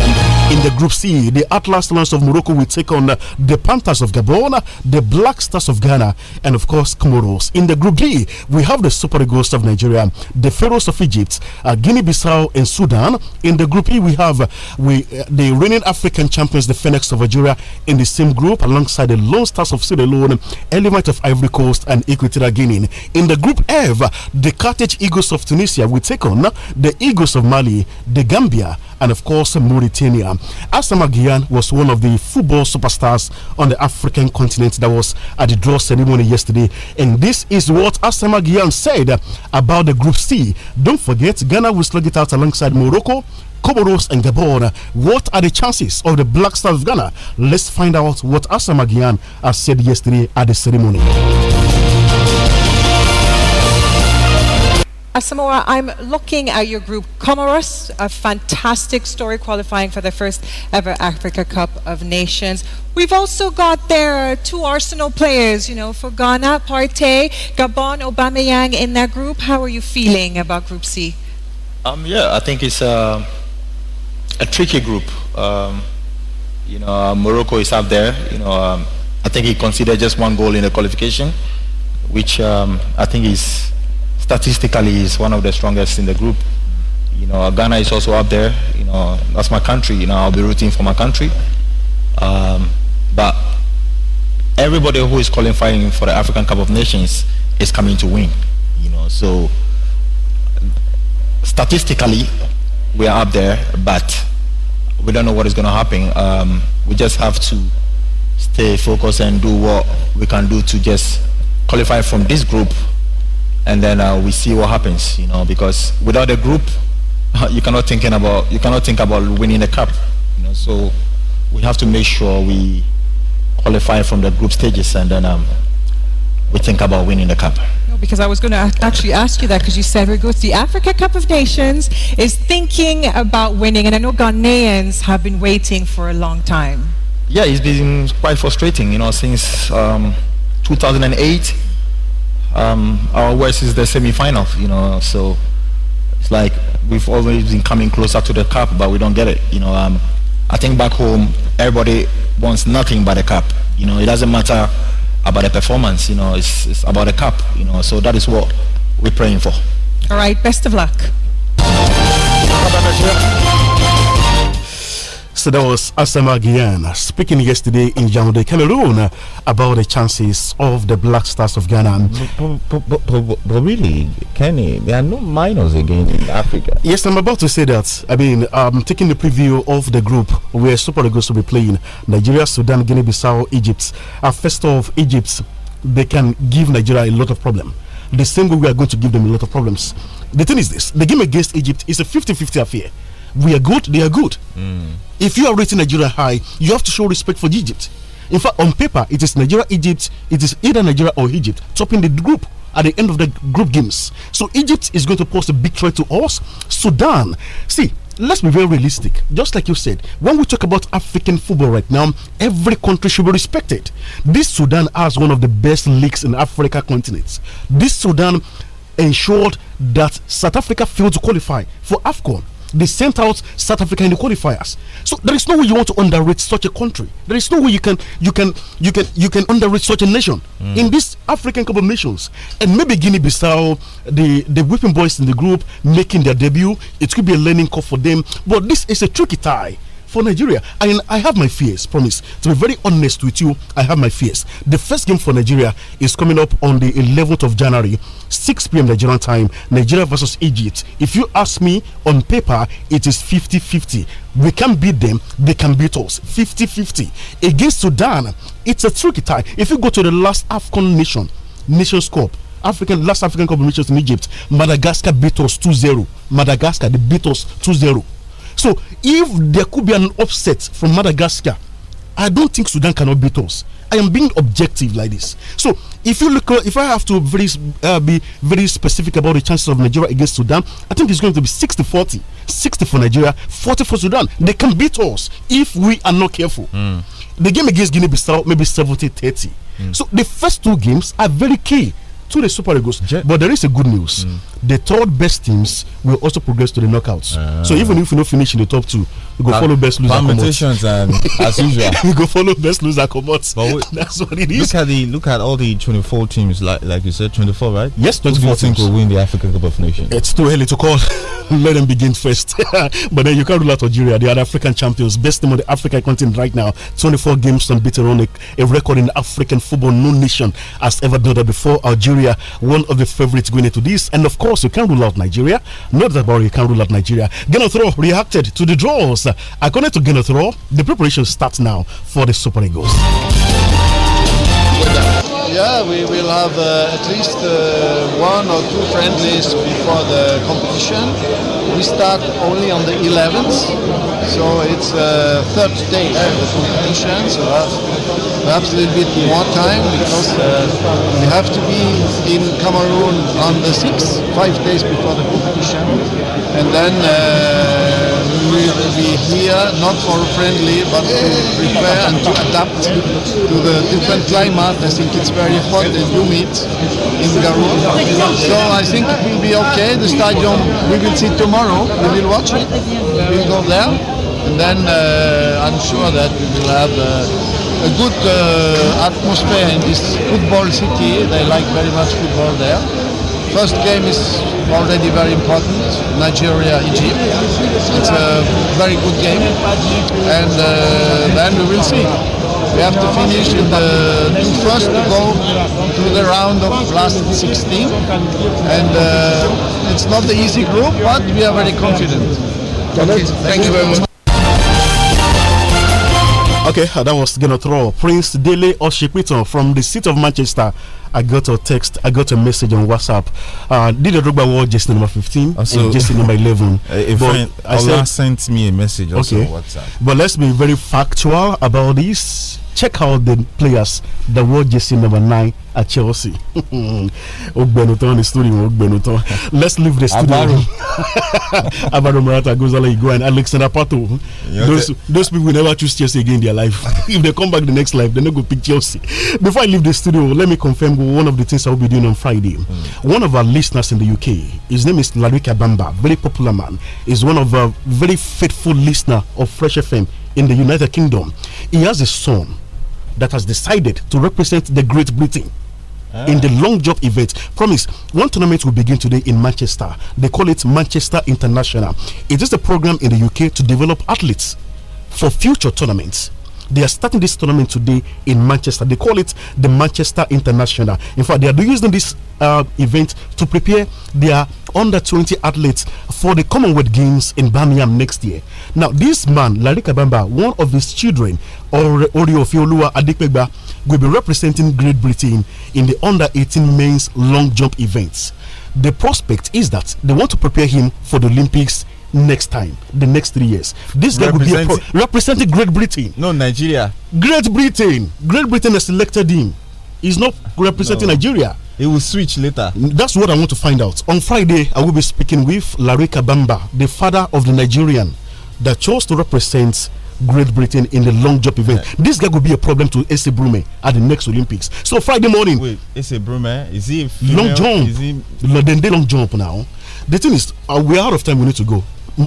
In the Group C, the Atlas Lions of Morocco will take on uh, the Panthers of Gabon, the Black Stars of Ghana, and of course, Comoros. In the Group D, we have the Super Eagles of Nigeria, the Pharaohs of Egypt, uh, Guinea Bissau, and Sudan. In the Group E, we have uh, we, uh, the reigning African champions, the Phoenix of Algeria, in the same group, alongside the Lone Stars of Sierra Leone, Element of Ivory Coast, and Equatorial Guinea. In the Group F, the Carthage Eagles of Tunisia will take on the Eagles of Mali, the Gambia, and of course Mauritania. Asama Gyan was one of the football superstars on the African continent that was at the draw ceremony yesterday. And this is what Asama Gyan said about the Group C. Don't forget, Ghana will slug it out alongside Morocco, Comoros and Gabon. What are the chances of the Black Stars of Ghana? Let's find out what Gyan has said yesterday at the ceremony. Asamoah, I'm looking at your group Comoros, a fantastic story qualifying for the first ever Africa Cup of Nations. We've also got there two Arsenal players, you know, for Ghana, Partey, Gabon, Aubameyang in that group. How are you feeling about Group C? Um, yeah, I think it's um, a tricky group. Um, you know, uh, Morocco is up there. You know, um, I think he conceded just one goal in the qualification, which um, I think is statistically is one of the strongest in the group. You know, Ghana is also up there. You know, that's my country. You know, I'll be rooting for my country. Um, but everybody who is qualifying for the African Cup of Nations is coming to win. You know, so statistically we are up there, but we don't know what is going to happen. Um, we just have to stay focused and do what we can do to just qualify from this group and then uh, we see what happens, you know, because without a group, you cannot thinking about you cannot think about winning the cup, you know. So we have to make sure we qualify from the group stages, and then um, we think about winning the cup. No, because I was going to actually ask you that because you said we go to the Africa Cup of Nations is thinking about winning, and I know Ghanaians have been waiting for a long time. Yeah, it's been quite frustrating, you know, since um, 2008 um, our worst is the semi finals you know. So it's like we've always been coming closer to the cup, but we don't get it, you know. Um, I think back home, everybody wants nothing but a cup. You know, it doesn't matter about the performance. You know, it's, it's about the cup. You know, so that is what we're praying for. All right, best of luck. So that was Asama Gyan speaking yesterday in Yaoundé, Cameroon, about the chances of the Black Stars of Ghana. But, but, but, but, really, Kenny, there are no minors again in Africa. Yes, I'm about to say that. I mean, I'm taking the preview of the group where Super Eagles will be playing Nigeria, Sudan, Guinea Bissau, Egypt. Uh, first off, Egypt, they can give Nigeria a lot of problem. The same way we are going to give them a lot of problems. The thing is this the game against Egypt is a 50 50 affair we are good, they are good. Mm. If you are rating Nigeria high, you have to show respect for Egypt. In fact, on paper, it is Nigeria, Egypt, it is either Nigeria or Egypt topping the group at the end of the group games. So Egypt is going to pose a big threat to us. Sudan, see, let's be very realistic. Just like you said, when we talk about African football right now, every country should be respected. This Sudan has one of the best leagues in Africa continent. This Sudan ensured that South Africa failed to qualify for AFCON. They sent out South Africa in the qualifiers. So there is no way you want to underrate such a country. There is no way you can you can you can you can underrate such a nation mm. in this African Cup of Nations. And maybe Guinea-Bissau, the the whipping boys in the group making their debut, it could be a learning curve for them. But this is a tricky tie for Nigeria. And I have my fears, promise. To be very honest with you, I have my fears. The first game for Nigeria is coming up on the 11th of January, 6 p.m. Nigerian time, Nigeria versus Egypt. If you ask me, on paper, it is 50 50. We can beat them, they can beat us. 50 50. Against Sudan, it's a tricky tie. If you go to the last African nation, Nations Cup, African last African Cup in Egypt, Madagascar beat us 2 0. Madagascar, they beat us 2 0. So if there could be an upset from Madagascar, I don't think Sudan cannot beat us. I am being objective like this. So if you look, if I have to very uh, be very specific about the chances of Nigeria against Sudan, I think it's going to be 60-40. 60 for Nigeria, 40 for Sudan. They can beat us if we are not careful. Mm. The game against Guinea-Bissau maybe 70-30. Mm. So the first two games are very key to the Super Eagles. but there is a good news. Mm the third best teams will also progress to the knockouts. Uh, so ah. even if we don't finish in the top two, we go follow best loser. Permutations and as usual, we go follow best loser commot. That's what it is. Look at the look at all the 24 teams, like like you said, 24, right? Yes, 24 teams will win the African Cup of Nations. It's too early to call. Let them begin first. but then you can't rule out Algeria. They are the African champions, best team on the African continent right now. 24 games unbeaten on a, a record in African football. No nation has ever done that before. Algeria, one of the favorites going into this, and of course you can't rule out Nigeria. Not that Bori can rule out Nigeria. Genothro reacted to the draws. According to Genothro, the preparations start now for the Super Eagles. Yeah, we will have uh, at least uh, one or two friendlies before the competition. We start only on the 11th, so it's uh, third day of the competition, so perhaps a little bit more time because uh, we have to be in Cameroon on the 6th, five days before the competition, and then uh, we will be here not for friendly but to prepare and to adapt to the different climate. I think it's very hot and humid in Garut. So I think it will be okay. The stadium we will see tomorrow. We will watch it. We'll go there. And then uh, I'm sure that we will have uh, a good uh, atmosphere in this football city. They like very much football there. First game is already very important. Nigeria, Egypt. It's a very good game, and uh, then we will see. We have to finish in the first to go to the round of last 16, and uh, it's not the easy group, but we are very confident. Okay, thank you very much. Okay, uh, that was gonna throw Prince Dele Oshikwiton from the city of Manchester. I got a text, I got a message on WhatsApp. Uh, did rugby wore just number 15 also, uh, and just number 11? A friend I said, sent me a message also okay. on WhatsApp. But let's be very factual about this check out the players The world, jc number nine at Chelsea. the studio, Let's leave the studio. Abaro Marata, Gonzalo Igua, and Alexander Pato. Those, those people will never choose Chelsea again in their life. if they come back the next life, they're not going to pick Chelsea. Before I leave the studio, let me confirm one of the things I'll be doing on Friday. Mm. One of our listeners in the UK, his name is Larika Bamba, very popular man. Is one of our very faithful listener of Fresh FM in the United Kingdom. He has a son that has decided to represent the Great Britain. Ah. in the long jump event. Promise, one tournament will begin today in Manchester. They call it Manchester International. It is a program in the UK to develop athletes for future tournaments. They are starting this tournament today in Manchester. They call it the Manchester International. In fact, they are using this uh, event to prepare their under 20 athletes for the Commonwealth Games in Birmingham next year. Now, this man, Larika Bamba, one of his children, Ori Ofeoluwa Adipegba, will be representing Great Britain in the under 18 men's long jump events. The prospect is that they want to prepare him for the Olympics next time, the next three years. This guy will be a pro representing Great Britain. No, Nigeria. Great Britain. Great Britain has selected him. He's not representing no. Nigeria. He will switch later. That's what I want to find out. On Friday, I will be speaking with Larika Bamba, the father of the Nigerian that chose to represent Great Britain in the long jump event. Yeah. This guy could be a problem to Ese Brume at the next Olympics. So Friday morning. Wait, Ese Brume is he female? long jump? Is he... Then they long jump now. The thing is, uh, we're out of time. We need to go.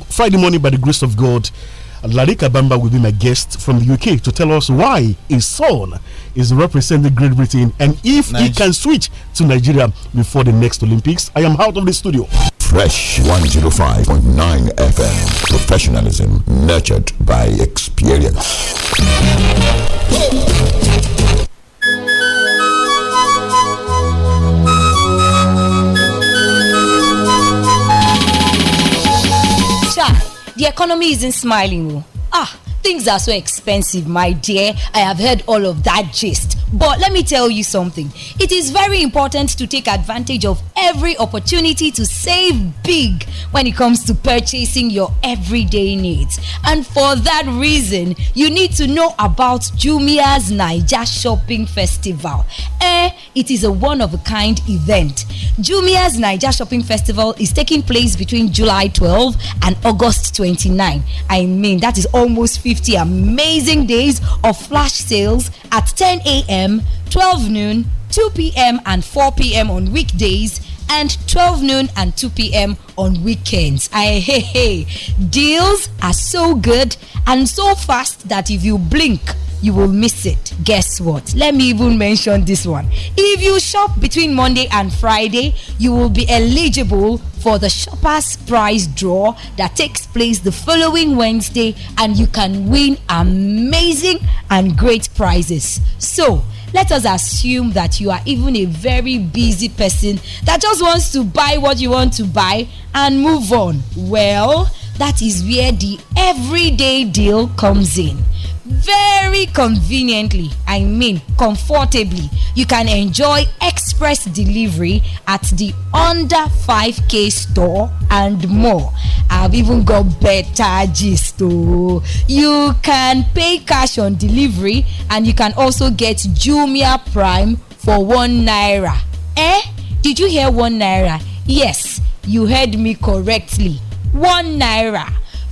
Friday morning, by the grace of God, Larika Bamba will be my guest from the UK to tell us why his son is representing Great Britain and if nice. he can switch to Nigeria before the next Olympics. I am out of the studio. Fresh 105.9 FM. Professionalism nurtured by experience. the economy isn't smiling. Oh. Ah, things are so expensive, my dear. I have heard all of that gist but let me tell you something it is very important to take advantage of every opportunity to save big when it comes to purchasing your everyday needs. And for that reason, you need to know about Jumia's Nigeria Shopping Festival. Eh, it is a one of a kind event. Jumia's Nigeria Shopping Festival is taking place between July 12 and August 29. I mean, that is almost 50 amazing days of flash sales at 10 a.m a.m., 12 noon, 2 p.m., and 4 p.m. on weekdays, and 12 noon and 2 p.m. on weekends. I, hey, hey, deals are so good and so fast that if you blink, you will miss it. Guess what? Let me even mention this one. If you shop between Monday and Friday, you will be eligible for the shoppers prize draw that takes place the following Wednesday and you can win amazing and great prizes. So, let us assume that you are even a very busy person that just wants to buy what you want to buy and move on. Well, that is where the everyday deal comes in very conveniently, I mean comfortably, you can enjoy express delivery at the under 5k store and more. I've even got better gist. Oh. You can pay cash on delivery and you can also get Jumia Prime for one naira. Eh? Did you hear one naira? Yes, you heard me correctly. One naira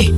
Hey!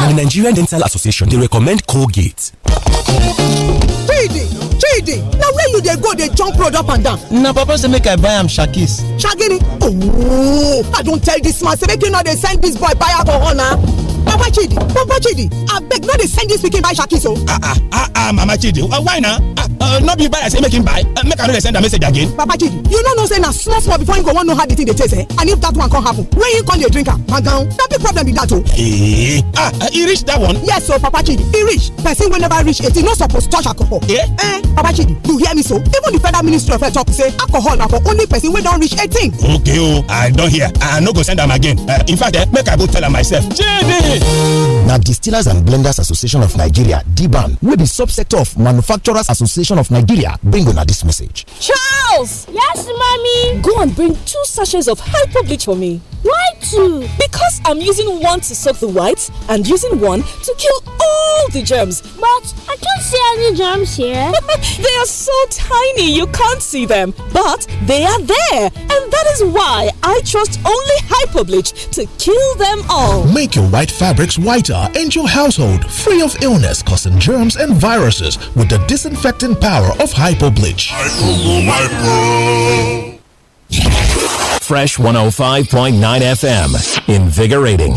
Now, the Nigerian Dental Association, they recommend Colgate. chidi chidi na where you dey go dey jump road up and down. na papa say make i buy am shakis. shagini Oh, i don tell dis man say make you no dey send dis boy buy alcohol na. Papa Chidi, Papa Chidi, I beg no dey send this weekend buy shakiso. Ah ah ah ah Mama Chidi, uh, why now? Uh, ah, uh, no be buy I say make him buy, uh, make another send a message again. Papa Chidi, you no know say na small small before you go wan know how the thing they taste eh? And if that one come happen, when you call your drinker, am, gangan, na big problem be that o. Eh, ah, uh, e reach that one? Yes o, Papa Chidi, he reach. Person will never reach eighteen no suppose touch alcohol. Eh? Eh, Papa Chidi, you hear me so? Even the Federal minister of Health talk say alcohol now for only person wey don reach eighteen. Okay oh, I don't hear. I no go send them again. Uh, in fact, eh, make I go tell them myself. Chidi! na distillers and blenders association of nigeria dban wey be subsector of manufacturers association of nigeria bring una dis message charles yes mommy go and bring two sachets of hypo bleach for me why two because i'm using one to soak the whites and using one to kill all the germs but i can't see any germs here they are so tiny you can't see them but they are there and that is why i trust only hypo bleach to kill them all make your white fabric fabrics whiter and your household free of illness causing germs and viruses with the disinfecting power of Hypo Bleach. Fresh 105.9 FM. Invigorating.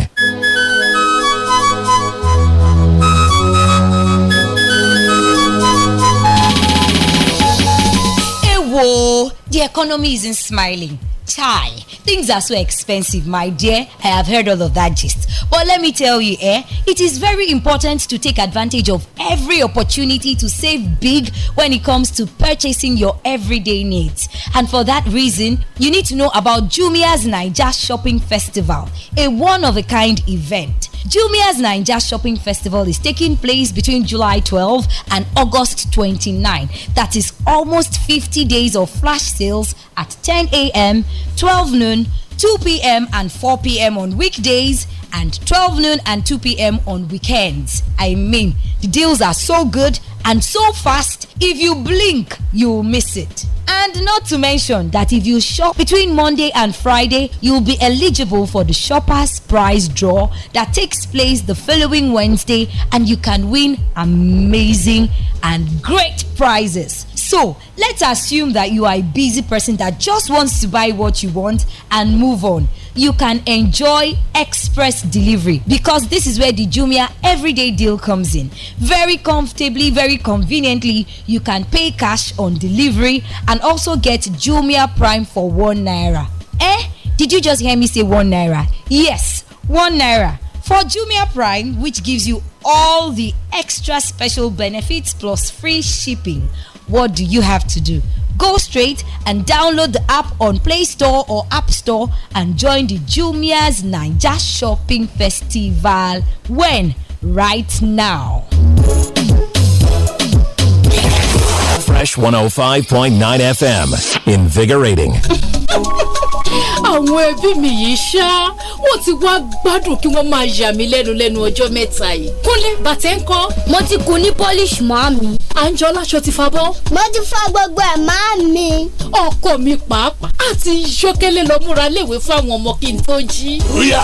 The economy isn't smiling. Chai, things are so expensive, my dear. I have heard all of that gist. But let me tell you, eh, it is very important to take advantage of every opportunity to save big when it comes to purchasing your everyday needs. And for that reason, you need to know about Jumia's Niger Shopping Festival, a one of a kind event. Jumia's Ninja Shopping Festival is taking place between July 12 and August 29. That is almost 50 days of flash sales at 10 a.m., 12 noon, 2 p.m., and 4 p.m. on weekdays, and 12 noon and 2 p.m. on weekends. I mean, the deals are so good and so fast if you blink you miss it and not to mention that if you shop between monday and friday you'll be eligible for the shoppers prize draw that takes place the following wednesday and you can win amazing and great prizes so let's assume that you are a busy person that just wants to buy what you want and move on you can enjoy express delivery because this is where the Jumia everyday deal comes in. Very comfortably, very conveniently, you can pay cash on delivery and also get Jumia Prime for 1 naira. Eh? Did you just hear me say 1 naira? Yes, 1 naira. For Jumia Prime, which gives you all the extra special benefits plus free shipping what do you have to do? Go straight and download the app on Play Store or App Store and join the Jumia's Ninja Shopping Festival. When? Right now. Fresh 105.9 FM. Invigorating. àwọn ẹbí mi yìí ṣá wọ́n ti wá gbádùn kí wọ́n máa yà mí lẹ́nu lẹ́nu ọjọ́ mẹ́ta yìí kúnlẹ̀ bàtẹ́ ń kọ́. mo ti kun ní polish màámi. àǹjọ láṣọ ti fa bọ́. mo ti fa gbogbo ẹ̀ màámi. ọkọ mi pàápàá àti yọkẹlẹ lọ múra léwe fún àwọn ọmọ kí n tó jí. ríà.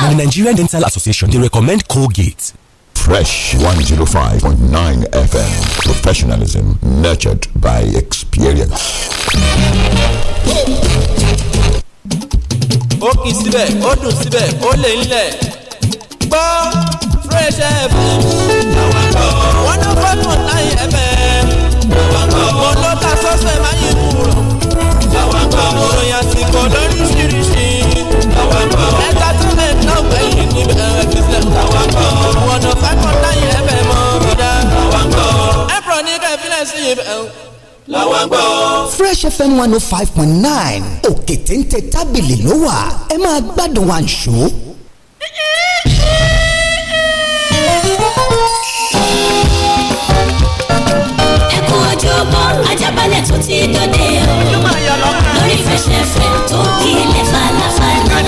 Now, the Nigerian Dental Association, they recommend Colgate. Fresh 105.9 FM. Professionalism nurtured by experience. ó kì í síbẹ̀ ó dùn síbẹ̀ ó lè ń lẹ̀ gbọ́ Fresh FM. wọ́n ló fẹ́ mọ̀ láyé ẹ̀fẹ̀. mo ló ta sọ́sẹ̀ máa yẹ kúrò. mo ròyìn. fresh fm one oh five point nine òkè téńté tábìlì ló wà ẹ máa gbádùn àǹṣó. ẹkún ojúbọ ajábalẹ̀ tó ti dòde o lórí fresh fm tó kílẹ̀ falafala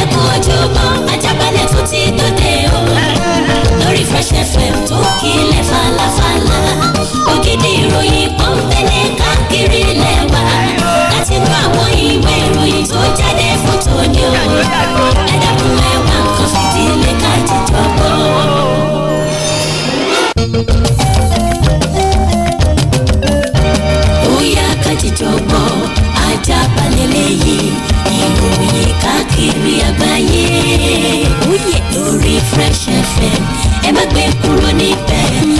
ẹkún ojúbọ ajábalẹ̀ tó ti dòde o lórí fresh fm tó kílẹ̀ falafala. ògidì ìròyìn kan fẹ́lẹ̀ káàkiri lẹ́wà láti nú àwọn ìwé ìròyìn tó jáde fún tòní o ẹ dákun ẹ nǹkan fìdílé ká jíjọ gbọ́. bóyá ká ajá balẹ̀ lẹ́yìn ìròyìn káàkiri àgbáyé lórí Fresh FM ẹ má gbé kúrò níbẹ̀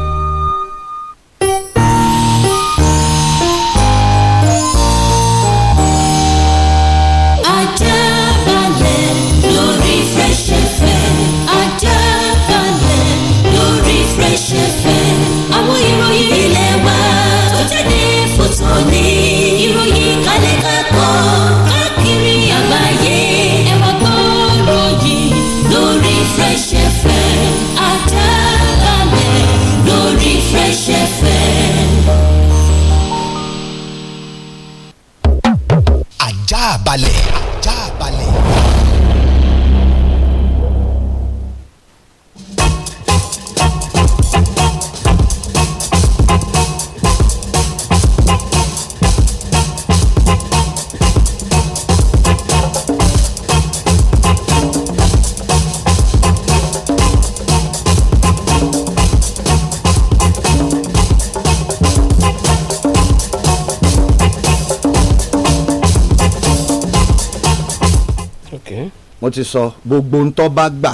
mo ti sọ gbogbo ń tọ́ bá gbà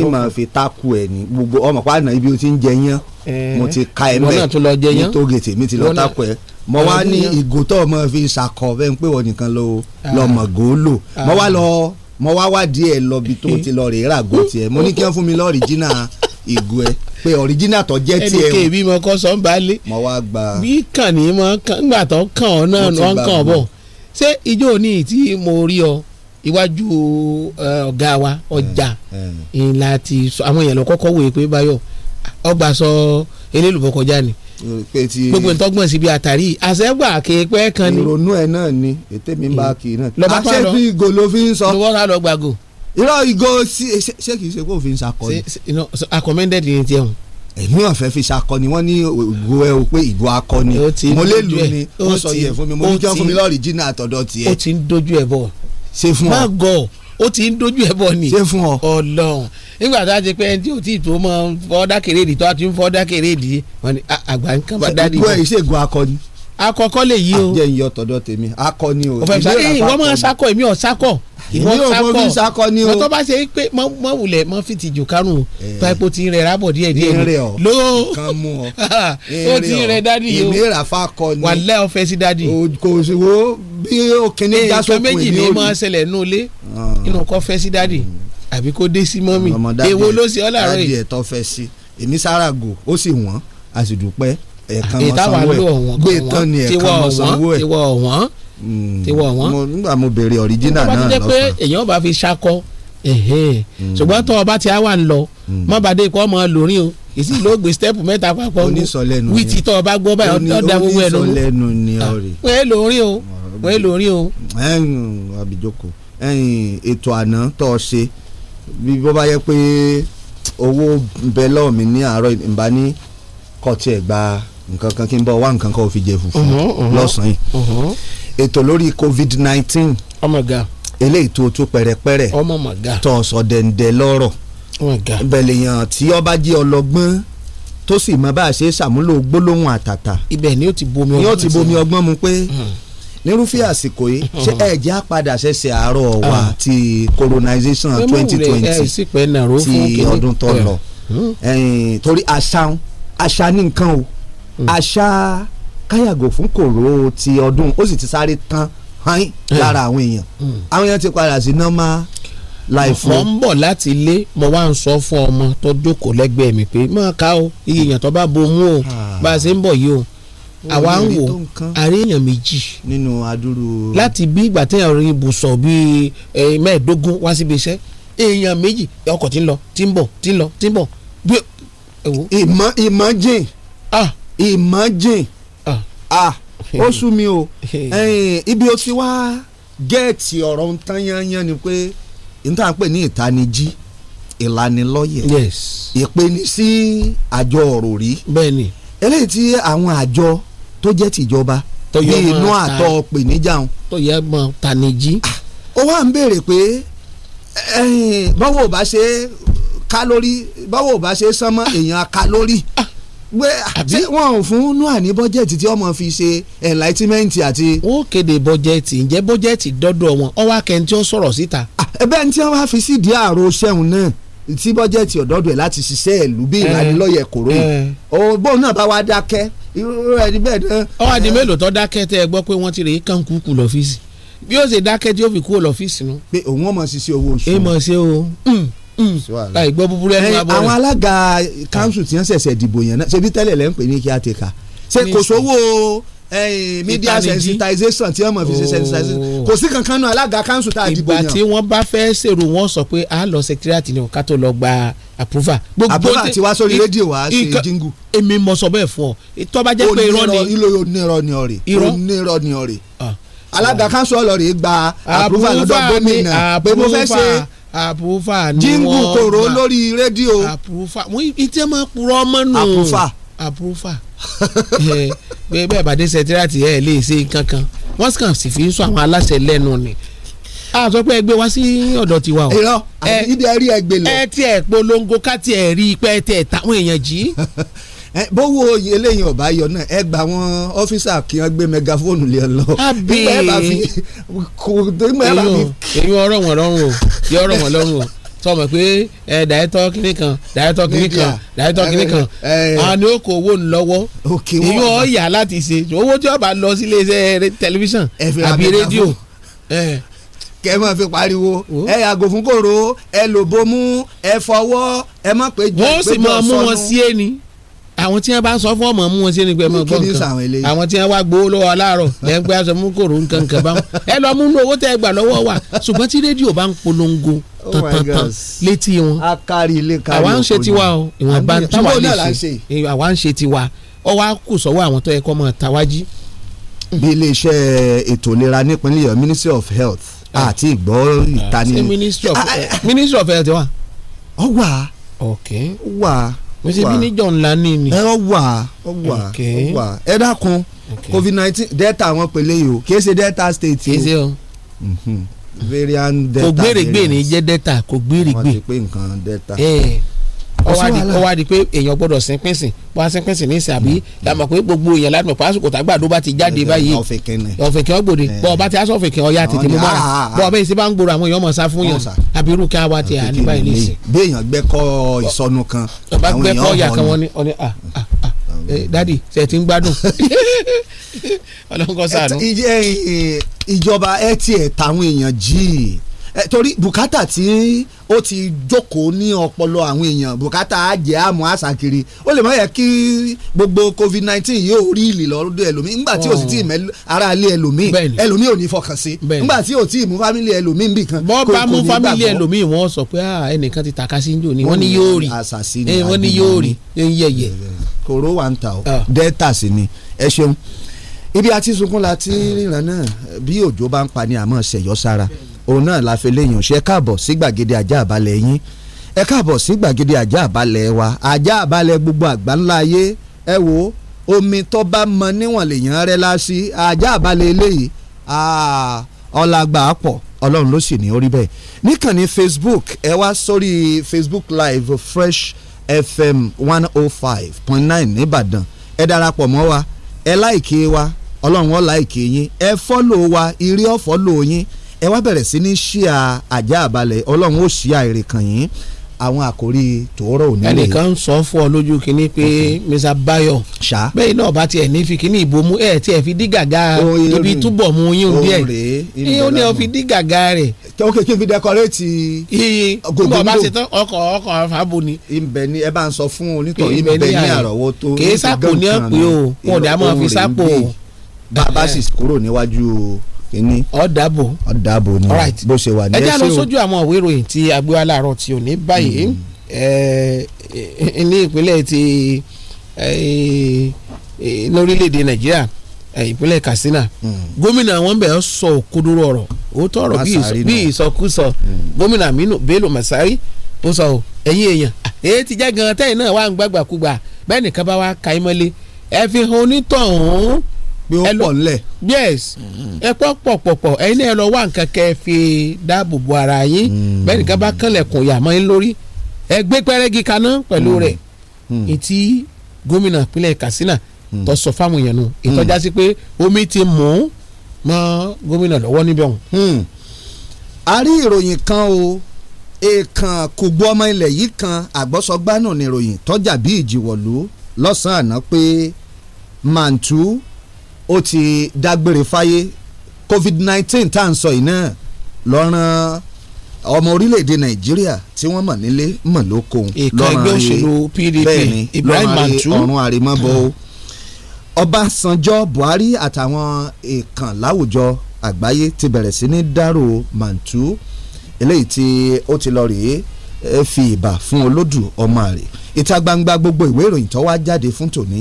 ìmọ̀ fi takú ẹ̀ ní gbogbo ọmọ pàdánù ibi o ti ń jẹ yán eh. mo ti ka ẹ mẹ́ ní tógètè mi ti lọ takú ẹ̀ mo wá ní ìgò tó ọmọ fi ṣàkọ bẹ́ẹ̀ ń pè wọ́n nìkan lọ ah. lọ́mọ gòólò ah. mo wá lọ mo wá wá díẹ̀ lọ bí tó eh. ti lọ rè é ràgó tiẹ̀ mo ní kí wọ́n fún mi lọ original ìgò ẹ̀ pé ọ̀ríjínà tó jẹ́ tiẹ̀ o. ẹnì kèémí mọ kọ́ sọ ń bá lé. mo wá gba. bí kàní mọ kàn gbà tó kàn ọ náà wọn kàn ọ bọ̀ ṣé ìjọ òní tí mo rí ọ iwájú ọ̀gá wa ọjà mm, mm. ìlà ti sọ àwọn èèyàn lọ kọ́kọ́ wòye pé báyọ̀ ọgbà sọ elélùbọ̀ kọjá ni mm, gbogbo ntọ́gbọ̀n síbi àtàrí àṣẹ́gbà kéèpẹ́ kan ni. ìrònú ẹ̀ náà ni ètè mi bá kì í náà. lọ́ba tó lọ àṣẹ fi ìgò ló fi ń sọ. lọ́wọ́ sá lọ gbàgò. irọ́ ìgò ṣé kìí ṣe kó fi ń ṣakọni. accommended ni tiẹ̀ hùn. èmi náà fẹ́ fi ṣakọni wọ́n ní ìgò ẹ̀ o pé ìgò akọni mo lè lù ni wọ́n sọ yẹ fún mi mo ní kí wọ́n fún mi lọ́ọ̀rì jìnnà àtọ̀dọ̀ tiẹ̀. ó ti ń dojú ẹ̀ bọ̀ ṣe fún ọ má gọ̀ ó ti ń dojú ẹ bọ̀ ni ṣe fún ọ Ọlọ́run nígbà tá a ti pẹ́ ẹni tí ò tí ì tó mọ fọ́ dákèrèdì tó a ti ń fọ́ dákèrèdì wọn ni àgbà nǹkan bá dá nìyẹn. ìṣègùn akọni akọkọ lè yí o. àjẹyìn ọtọdọ tèmi akọni o. òfẹsẹ ẹyìn wọn máa sakọ èmi ọ sakọ ìwọ sakọ ìwọ sakọ ni o mọtọ bá ṣe pé mọ wulẹ mọ fìtì jù karùn paipo ti rẹ rábọ díẹ̀ díẹ̀ ló kan mú ọ ó ti rẹ dádì yìí o èmi ràfa kọ ni wàlẹ́ ọ̀fẹ́ sí dádì. kò sí wo bí òkìní eh, jásọ̀kùn ìní òdì. nǹkan méjì ni máa ṣẹlẹ̀ nù lé ah. inú kọ́ fẹ́ sí dádì hmm. àbí kó dé sí mọ́mì èwo ló ṣe ọ́ làárọ̀ yìí. dádì ẹ̀ tọ́ fẹ́ sí èmi sárago ó sì wọ́n a sì dúpẹ́ ẹ̀ẹ̀kan ah, sanwó ẹ̀ gbé tán ni ẹ̀ẹ̀kan mọ̀ sanwó ẹ̀ ìwọ hmm. wọn. nígbà mo béèrè ọ̀ríjínà náà lọ́sàn. wọ́n bá ti jẹ́ pé èèyàn bá fi ṣakọ hmm. ṣùgbọ́n tó ọba ti á wà ń lọ mọ́ hmm. bàdé ikọ́ ọmọ lórí o ìsì ló gbé stẹ́pù mẹ́ta papọ̀ ní wíìtì tó ọba gbọ́ báyìí ọ̀dà gbogbo ẹ̀ lọ́nu. wọ́n lórí o wọ́n ẹ lórí o. àbíjókòó ètò àná tó o ṣe bí bó bá yẹ pé owó bẹlọ́ọ̀ ní àárọ̀ ìbá ní kọ́tì gba nǹkan kan kí n bọ̀ wá nǹkan kan ò fi jẹ fùfú lọ́sàn-án yìí ètò lórí covid nineteen eléyìí tó tó pẹ̀rẹ̀pẹ̀rẹ̀ tó sọ dẹ̀ǹdẹ̀ lọ́rọ̀ bẹ̀lẹ̀ yàn tí ọba jẹ́ ọlọ́gbọ́n tó sì mọ bá a ṣe ṣàmúlò gbólóhùn àtàtà ibẹ̀ ni ó ti bomi ọgbọ́n mu ni ó ti bomi ọgbọ́n mu pé nírúfẹ́ àsìkò yìí ṣé ẹ̀jẹ̀ á padà ṣẹ̀ṣẹ̀ àárọ̀ wa ti colonization twenty twenty ti ọdún tó lọ torí àṣà àṣà ní nǹkan o. Mm. àṣà káyàgò fún kòró ti ọdún ó sì ti sáré tán hàn eh. lára àwọn èèyàn mm. àwọn èèyàn ti padà sí normal life. mo ń bọ̀ láti ilé mo wá ń sọ fún ọmọ tó jókòó lẹ́gbẹ̀ẹ́ mi pé máa ká o iye èèyàn tó bá bomú o ah. bá a ṣe ń bọ̀ yìí o àwa ń wò àrí èèyàn méjì. nínú adúrú. láti bí ìgbà téèyàn rí ibùsọ̀ bíi mẹ́ẹ̀ẹ́dógún wá síbi iṣẹ́ èèyàn méjì ọkọ̀ tí ń lọ tí ń bọ̀ tí ń lọ tí ìmọ̀ ìmọ̀ jìn. ah ìmọ̀jìn ah. ah, ó sú mi o ibi ó ti wá gẹ́ẹ̀tì ọ̀rọ̀ ń tán yányán ni pé níta ń pè ní ìtanijí ìlanilọ́yẹ̀ ìpeni sí àjọ ọ̀rọ̀ rí eléyìí tí àwọn àjọ tó jẹ́ tìjọba bí inú àtọ̀ pèníjàun. tó yẹ mọ tanijí. Ah, ó wá ń béèrè pé báwo ò bá ṣe kálórì báwo ò bá ṣe sánmọ́ èèyàn kálórì. Ah àbí wọn ò fún nua ní bọ́jẹ̀tì tí ọmọ fi ṣe enlightenment àti. ó kéde bọ́jẹ̀tì ǹjẹ́ bọ́jẹ̀tì dọ́dọ̀ wọn ọwọ́ akẹ́ni tí ó sọ̀rọ̀ síta. ẹbẹ́ ní tí wọ́n bá fi sídìí àrò sẹ́hun náà tí bọ́jẹ̀tì ọ̀dọ́dọ̀ ẹ̀ láti ṣiṣẹ́ ìlú bí ìlanilọ́yẹ̀ kòró yìí òbóun náà bá wá dákẹ́ irú ẹni bẹ́ẹ̀ náà. ọ̀hádìí mélòó tó dákẹ́ tẹ́ ẹ gbọ́ pé wọ́n ti rè é kàn kúkú lọ́fíìsì bí ó ṣe dákẹ́ tí ó fi kúrò lọ́fíìsì nu. pé òun ọmọ ṣiṣẹ́ owó oṣù. èèmọ̀ ṣe o. Hmm. Hmm. láì gbọ́ búburú ẹni máa bọ̀ rẹ̀. àwọn alága kanṣu tí wọ́n ṣẹ̀ṣẹ̀ dìbò yẹn náà ṣebí tẹ́lẹ̀ lẹ́ ń pè ní kí á ti kà ṣe kò sówó media sensitization tí wọ́n mọ̀ fi ṣe sensitization kò sí kankan náà alága kanṣu tá a dìbò yẹn. ìgbà tí wọ́n bá fẹ́ ṣèrò wọn sọ pé a lọ secretariat ni ká tó lọ gba approval. approval ti wá sórí rédíò wa ṣe jingu. èmi mọ sọ bẹ́ẹ̀ fún ọ tó bá jẹ́ pé irọ́ ni. onírọ́ ni ọ̀rẹ́ onírọ́ ni ọ̀rẹ́ ah. alága kanṣu ah. ọlọ́rẹ́ gba approval lọ́dọ̀ gómìnà pé mo fẹ́ ṣe àpòfà ni wọ́n gbà jíngù kòró lórí rédíò àpòfà mo ìtẹ́ máa purọ́ mọ́nù àpòfà àpòfà bẹ́ẹ̀ bá dé sẹ́tírátì ẹ̀ lè ṣe nǹkan kan wọ́n kàn sì fi ń sọ àwọn aláṣẹ lẹ́nu ni a sọ pé ẹgbẹ́ wá sí ọ̀dọ̀ tiwa o. irọ́ ìdí ẹrí ẹgbẹ́ lọ. ẹ tiẹ̀ polongo ká tiẹ̀ rí i tiẹ̀ táwọn èèyàn jí. bówó eléyìí ọ̀bá yọ náà ẹ gba àwọn ọ́fíìsà kí wọ́n gbé mẹgafóònù lé lọ. àbí èyí ọ̀rọ̀ wọn lọ́rùn o yọ ọ̀rọ̀ wọn lọ́rùn o sọmọ pé ẹ dàẹ́tọ́ kìnnì kan dàẹ́tọ́ kìnnì kan dàẹ́tọ́ kìnnì kan àní ó owó ńlọ́wọ́ èyí ọ̀ yà láti ṣe owó tí wọ́n bá lọ sí iléeṣẹ́ tẹlifíṣàn àbí rédíò kẹ mọ fi pariwo ẹ yàgò fún kòrò ẹ lò bomú ẹ fọwọ́ ẹ mọ pé jọ pé sọnù. wọ́n sì máa mú wọn sí ẹni àwọn tí wọn bá sọ fún ọmọ mú wọn sí ni pé ọmọ gbọ́ nǹkan àwọn tí wọn wá gbowó lọ́wọ́ aláàárọ̀ lẹ́yìn pé aṣọ mú kòrò nǹkan nǹkan bá wọn ẹ lọ mú owó tẹ ẹ gbà lọ́wọ́ wa ṣùgbọ́n tí rédíò bá ń polongo tantantan oh létí wọn àwa ń ṣe tiwa o ìwọ̀nba táwa lè ṣe àwa ń ṣe tiwa ọwọ́ á kù sọ́wọ́ àwọn tó yẹ kọ́ mọ́ tawájí. bí iléeṣẹ́ ètò ìlera nípínlẹ̀ Ọ̀yọ́ Ministry of Health ah. àti ìgbọ́ ìtaní. Ah, ah, Ministry of Health wà. ọ wà. ok. wà. mo ṣe bí níjọ ńlá ní ni. ẹ ọ wà ọ wà ọ wà ẹ dákun covid nineteen delta wọn pèlè yìí o kìí ṣe delta state yìí o. kìí ṣe o. variant mhm. delta variant kò gbèrègbè ní jẹ́ delta kò gbèrègbè. wọ́n ti pé nǹkan delta. ẹ̀ẹ́ eh. ó wá di pé èèyàn gbọ́dọ̀ sin pínsìn bó hmm. a sin pínsìn ní ìsìn àbí yàmọ̀ pé gbogbo èèyàn láti mọ̀ pé àsìkò tàgbà ló bá ti jáde báyìí ọ̀fẹ̀kẹ́ ọ̀gbòde bọ́ ọba ti aṣọ ọ̀fẹ̀kẹ́ ọ̀yà tètè mú mọ́ra ah, ah, ah. bọ́ ọba yìí sí bá ń gbòòrò àwọn èèyàn mọ̀ sá fún yàn àbí irú kí a wá ti à ní báyìí nìsín. bí èèyàn gbẹ́kọ̀ ìsọnù kan àwọn èèyàn ọ̀nà eh, ìjọba ẹ tiẹ̀ táwọn èèyàn jíì torí bùkátà tí ó ti jókòó ní ọpọlọ àwọn èèyàn bùkátà àjẹ́ àmọ́ àṣàkiri ó lè má yẹ kí gbogbo covid nineteen yóò rí ìlì lọ́dọ̀ ẹlòmíì ńgbà tí ò sì tí ì mẹ́ ara ilé ẹlòmíì ẹlòmíì ò ní fọkàn sí ńgbà tí ò tí ì mú fámìlì ẹlòmíì bì kan. bọ́ bá mú fámìlì ẹlòmíì wọ́n sọ pé ah, ẹnìkan ti tàka sí njò ni wọ́n ní yóò rí eh, wọ́n ní yóò rí eh, yẹ̀yẹ̀. Eh, kòró wa ń ta o ah. delta sí ni ẹ ṣeun ibi àti sunkún la ti ríran náà bí òjò bá ń pa ni àmọ́ ṣẹ̀yọ́ sára òun náà la fi léyìn ṣe káàbọ̀ sí gbàgede ajá àbálẹ̀ yín ẹ káàbọ̀ sí gbàgede ajá àbálẹ̀ wa ajá àbálẹ̀ gbogbo àgbáńlá ayé ẹ wo omi tó bá mọ níwọ̀n lèèyàn rẹ lásì ajá àbálẹ̀ eléyìí ah, ọ̀làgbà pọ̀ ọlọ́run ló sì ní orí bẹ́ẹ̀ níkànnì Facebook ẹ wá sórí Facebook Live Fresh FM one oh five point nine nìbàdàn ẹ darapọ̀ mọ́ wa ẹ láìkí wa ọlọ́run ó láìkí yín ẹ fọ́lò wa irí ọ̀fọ́lò yín ẹ wá bẹ̀rẹ̀ sí ní ṣíà àjà àbálẹ̀ ọlọ́run ó ṣíà èrè kàn yín àwọn àkòrí tòórọ òní rèé. ẹnìkan sọ fún ọ lójú kínní pé Mr. Bayo bẹ́ẹ̀ náà bá tiẹ̀ ní fi kínní ìbomú ẹ̀ tí ẹ̀ fi dí gàgà ibi túbọ̀ mu yín díẹ̀ ní ó ní ọ fi dí gàgà rẹ̀. ok kí n fi dẹkọrẹ́tì gògòndò nígbà bá ṣe tán ọkọ̀ ọkọ̀ àfàbò ni. ibẹ̀ ni ẹ bá ń sọ fún onítọ̀ ni ní àrọ́wọ́tó. kì í sápò ní ọ̀pẹ́ o wọn ò dá mọ́ fi sápò. bàbá sì kúrò níwájú o kínní. ọ̀dàbò ọ̀dàbò ni bó ṣe wà ní ẹṣẹ́ o. ẹ já lọ sójú àwọn òwe ìròyìn tí agbéwá láàárọ̀ tí ò ní báyìí hmm. ní ìpínlẹ̀ ti lórílẹ̀‐èdè nàìjíríà ìpínlẹ̀ katsina hmm. gómìnà wọn bẹ̀ ọ́ sọ òkodoro ọ̀rọ̀ òótọ́ ọ̀rọ̀ bí ìsọkúsọ hmm. gómìnà aminu bello masari ó sọ ọ ẹ̀yin èèyàn èyí ti jẹ́ gan-an tẹ́yìn náà wà ń gbàgbàkúgbà bẹ́ẹ̀ nìkan bá wa ka ẹ mọ́lé ẹ fi hàn onítọ̀hún bí ó pọ̀ ńlẹ̀. yes ẹ pọ̀ pọ̀ pọ̀ pọ̀ ẹ̀yin náà ẹ lọ wá nǹkan kẹ́ ẹ fi dáàbò bo ara yín hmm. bẹ́ẹ̀ nìkan bá kànlẹ̀kùn yàmọ́ yín lórí ẹ gbé pẹ́rẹ́gì kaná pẹ̀lú hmm. rẹ̀ etí hmm. gómìnà ìpínlẹ̀ Katsina tó sọ fáwọn èèyàn nù ìtọ́já sí pé omi ti mú mọ́ gómìnà lọ́wọ́ níbẹ̀ ọ̀hún. a rí ìròyìn kan o èèkàn kò gbọ́ ọmọ ilẹ̀ yìí kan àgbọ́sọgbánù níròyìn tọ́jà bí ìjìwọ̀lú lọ́sàn-án pé màǹtú ó ti dágbére fáyé covid nineteen tá à ń sọ yìí náà lọ́rán ọmọ orílẹ̀-èdè nàìjíríà tí wọ́n mọ̀ nílé mọ̀ lóko lọ́rán rí bẹ́ẹ̀ ni lọ́rán rí ọ̀run àrèmọ́bọ̀ o ọbásanjọ́ buhari àtàwọn èèkàn láwùjọ àgbáyé ti bẹ̀rẹ̀ sí ní dárò màǹtú eléyìí tí ó ti lọ rèé fi ìbà fún olódù ọmọ rẹ̀ ìta gbangba gbogbo ìwé ìròyìn tó wá jáde fún tòní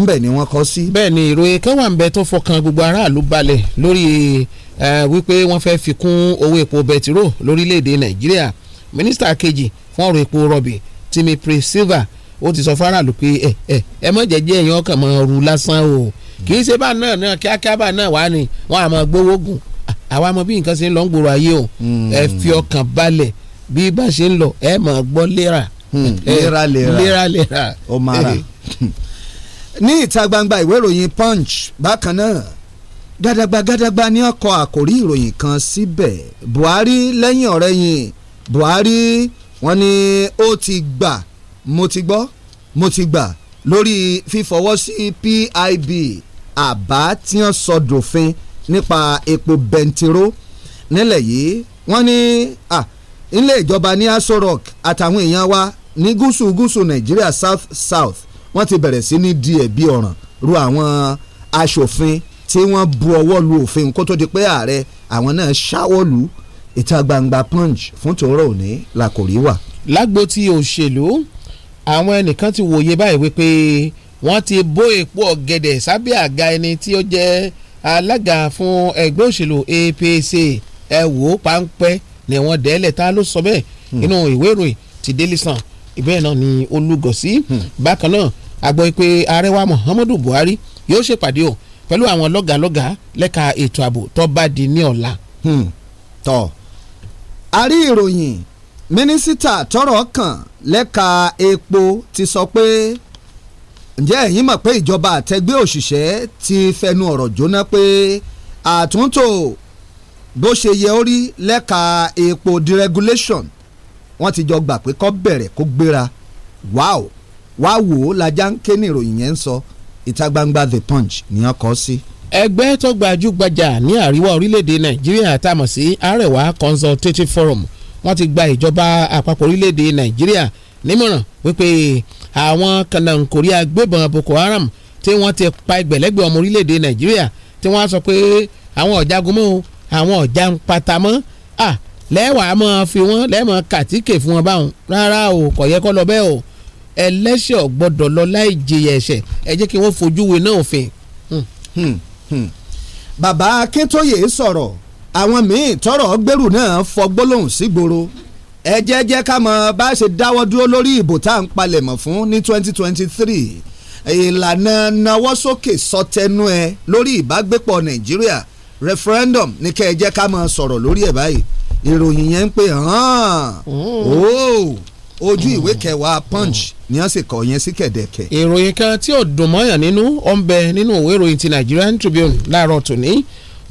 ńbẹ̀ ni wọ́n kọ́ sí. bẹ́ẹ̀ ni ìròyìn kẹwàá ń bẹ tó fọkàn gbogbo aráàlú balẹ̀ lórí wípé wọ́n fẹ́ fi kún owó epo bẹtiró lórílẹ̀‐èdè nàìjíríà mínísítà kejì fún ọ̀rọ̀ epo rọ̀bì timi priscilla ó ti sọ fáráàlú pé ẹ ẹ ẹ mọ̀ jẹ́jẹ́ èèyàn kàn mọ́ ọrù lásán o kì í ṣe bá náà náà kíákíá bá náà wà ní wọn àmọ́ gbowó gùn àwa mọ̀ bí nǹkan ṣe ń lọ ń gbòòrò ayé o ẹ hmm. fi ọkàn balẹ̀ bí bá ṣe ń lọ ẹ máa gbọ́ lérà. lérà lérà ó máa rà eh. ní ìta gbangba ìwé ìròyìn punch bákan náà gàdàgbà gàdàgbà ní ọkọ àkòrí ìròyìn kan síbẹ̀ buhari lẹ́yìn ọ̀rẹ́yìn buhari wọ́n ní ó ti gbà mo ti gbọ́ mo ti gbà lórí fífọwọ́ sí PIB àbá tí wọ́n sọ dòfin nípa epo bẹntiró nílẹ̀ yìí wọ́n ní ah, ilé ìjọba ní Aso Rock àtàwọn èèyàn wa ní gúúsù gúúsù Nàìjíríà south south wọ́n ti bẹ̀rẹ̀ sí ní di ẹ̀bi ọ̀ràn ru àwọn aṣòfin tí wọ́n bu ọwọ́ lu òfin kó tó di pé ààrẹ àwọn náà ṣáwọ́ ìta gbangba punch fún tòórọ́ òní làkòrí wà. lágbo ti òṣèlú àwọn ẹnìkan ti wòye báyìí wípé wọ́n ti bó èpo ọ̀gẹ̀dẹ̀ sábẹ́ àga ẹni tí ó jẹ́ alága fún ẹgbẹ́ òṣèlú APC ẹ wò ó páńpẹ́ ni wọ́n dẹ́lẹ̀ ta ló sọ bẹ́ẹ̀ hmm. inú ìwé ìròyìn ti Daily Sun ìbẹ́ẹ̀ náà ni olùgọ̀sí hmm. bákan náà a gbọ́ pé ààrẹ wa Muhammadu Buhari yóò ṣèpàdé o pẹ̀lú àwọn lọ́gàlọ́gà lẹ́ka ètò ààbò tó bá di ní ọ̀la. Hmm. tọ́ a rí ìròyìn mínísítà tọ́rọ̀ kàn lẹ́ka epo ti sọ pé ǹjẹ́ ẹ̀yin mọ̀ pé ìjọba àtẹgbẹ́ òṣìṣẹ́ ti fẹnu ọ̀rọ̀ jóná pé àtúntò bó ṣe yẹ ó rí lẹ́ka epo deregulation wọ́n ti jọ gbà pé kó bẹ̀rẹ̀ kó gbéra wáò. Wow wá wò ó lajá ń ké ní ìròyìn yẹn ń sọ ìta gbangba the punch nìyẹn kọ́ sí. ẹgbẹ́ tó gbajúgbajà ní àríwá orílẹ̀-èdè nàìjíríà tá a mọ̀ sí Arewa consultative forum wọ́n ti gba ìjọba àpapọ̀ orílẹ̀-èdè nàìjíríà nímọ̀ràn wípé àwọn kànáńkórí agbébọn Boko Haram tí wọ́n ti pa ẹgbẹ̀lẹ́gbẹ̀ ọmọ orílẹ̀-èdè nàìjíríà tí wọ́n á sọ pé àwọn ọ̀jagun mọ́ àwọn ọ̀já ń pata mọ́ à lẹ́wàá máa fi wọ́n lẹ́mọ̀ kàtíkè fún wọn báwọn rárá o kò lọ bẹ́ẹ̀ o ẹlẹ́ṣẹ̀ ò gbọ́dọ̀ lọ láì jìyà ẹ̀ṣẹ̀ ẹ jẹ́ kí wọ́n fojú wé náà òfin. Hmm. Hmm. Hmm. bàbá akíntóyè sọ̀rọ̀ àwọn míín tọrọ gbèrú náà fọgbólóhùn sígboro ẹ jẹ́ jẹ́ ká mọ bá ṣe dáwọ́ dúró lórí ìbò tá à ń palẹ̀mọ̀ fún ní twenty twenty three ìlànà nawọ́ sókè sọtẹnu ẹ lórí ìbágbépọ̀ nàìjíríà referendum ní kẹ́ ẹ jẹ́ ká mọ sọ̀rọ̀ lórí ẹ̀ báyìí ìròyìn yẹn ń pè hàn oh, ojú ìwé kẹwàá punch. Mm ni wọ́n sì kọ yẹn sí kẹ̀dẹ̀kẹ̀. ìròyìn kan tí ò dùn mọ́yàn nínú ó ń bẹ nínú ìwé ìròyìn ti Nigerian Tribune láàárọ̀ tòní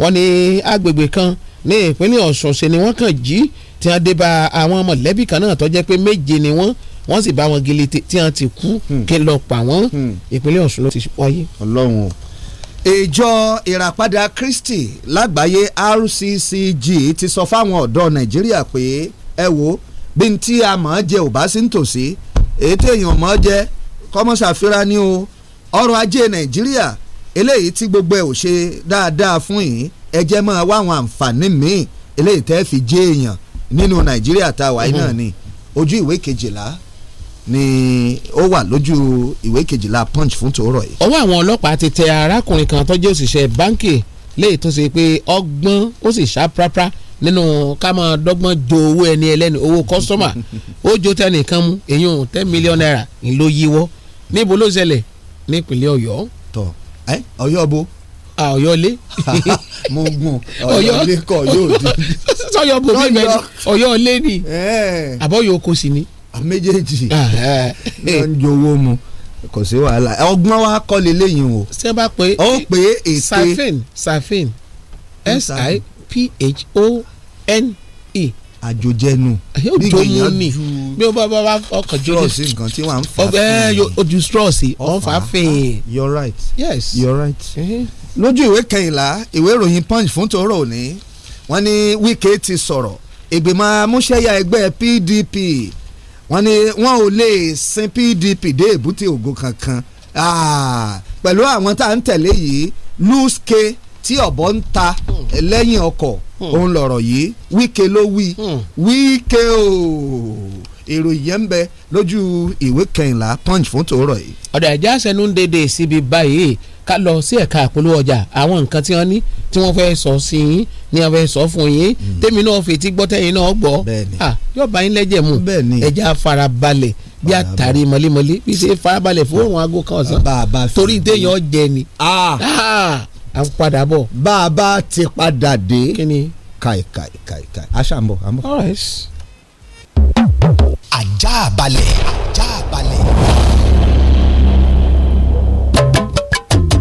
wọ́n ní agbègbè kan ní ìpínlẹ̀ Ọ̀ṣun ṣe ni wọ́n kàn jí tí wọ́n dé bá àwọn mọ̀lẹ́bí kan náà tó jẹ́ pé méje ni wọ́n wọ́n sì bá wọn gele tí wọ́n ti kú hmm. kí lọ pa wọ́n hmm. ìpínlẹ̀ Ọ̀ṣun ló ti wáyé. Ọlọ́run o ìjọ ìràpadà Kristi lágbàáyé RCCG ti sọ fáwọn ọ̀dọ́ Nàìjíríà pé ẹ wo bí n tí a mọ̀ ọ́ jẹ ò èyí tí èèyàn mọ́ jẹ fira ní o ọrọ̀ ajé nàìjíríà eléyìí tí gbogbo ẹ̀ ò ṣe dáadáa fún yìí ẹ jẹ́ máa wá àwọn àǹfààní míì eléyìí tẹ́ fi jẹ́ èèyàn nínú nàìjíríà tá a wà yìí náà ni ojú ìwé kejìlá ni ó wà lójú ìwé kejìlá punch fún tòórọ̀ yìí. ọwọ́ àwọn ọlọ́pàá ti tẹ arákùnrin kan tó jẹ́ òṣìṣẹ́ báńkì léyìí tó ṣe pé ọgbọ́n ó sì ṣá prápra nínú ká máa dọ́gbọ́n jo owó ẹni ẹlẹ́ni owó kọ́sọ́mà ó jo tẹnìkan mú èyàn ten million naira ló yíwọ́ níbo ló ṣẹlẹ̀ nípínlẹ̀ ọ̀yọ́. tọ ẹ ọ̀yọ́ bo. a ọ̀yọ́ lé. mo gun ọ̀yọ́ lé kọ yóò di. sọyọ bo bí bẹ́ẹ̀ ọ̀yọ́ lé ni àbọ̀ yóò kó sí ni. méjèèjì ló ah, ah. ń jowó mu kò sí wàhálà ọgbọ́n wa kọ́ lé lẹ́yìn o. ṣé bá pé ó pé ète. safin safin si p-h-o-n-e àjòjẹnu òjòmu ni bí o bá bá bá ọkàn jòjì straw sí nǹkan tí wàá ń fa ojú straw sí ọ̀fà fèè. Ah, you're right yes you're right. lójú ìwé kẹyìnlá ìwé ìròyìn punch fún tòórọ́ òní wọ́n ní Wike ti sọ̀rọ̀ ìgbìmọ̀ amúṣẹ́yà ẹgbẹ́ PDP wọ́n ní wọ́n ò lè sin PDP dé èbúté ògo kankan ah, pẹ̀lú àwọn tá à ń tẹ̀lé yìí lùsùkè tí ọ̀bọ ń ta lẹ́yìn ọkọ̀ òun lọ̀rọ̀ yìí wíkẹ́ ló wí wíkẹ́ o ìròyìn yẹn ń bẹ lójú ìwé kẹyìnlá punch fún tòórọ̀ yìí. ọ̀dà ẹ̀já sẹ́nu ń dédé síbi báyìí ká lọ sí ẹ̀ka àpolówó ọjà àwọn nǹkan tí wọ́n ní tí wọ́n fẹ́ sọ sí yín ni wọ́n fẹ́ sọ fún yín hmm. tèmi náà fètí gbọ́ tẹ́yìn náà gbọ́ yóò bá yín lẹ́jẹ̀ mu ẹ̀já farabalẹ̀ bí àtàrí mọ́lẹ́mọ́lẹ́ bí ṣe farabalẹ̀ fún òun aago kan ọ̀sán torí téèyàn jẹ ni. Ah. Ah. à ń padà bọ̀. bá a bá ti padà dé. kí ni. kai kai kai kai aṣá ń bọ̀ à ń bọ̀. all right. ajá balẹ̀ ajá balẹ̀.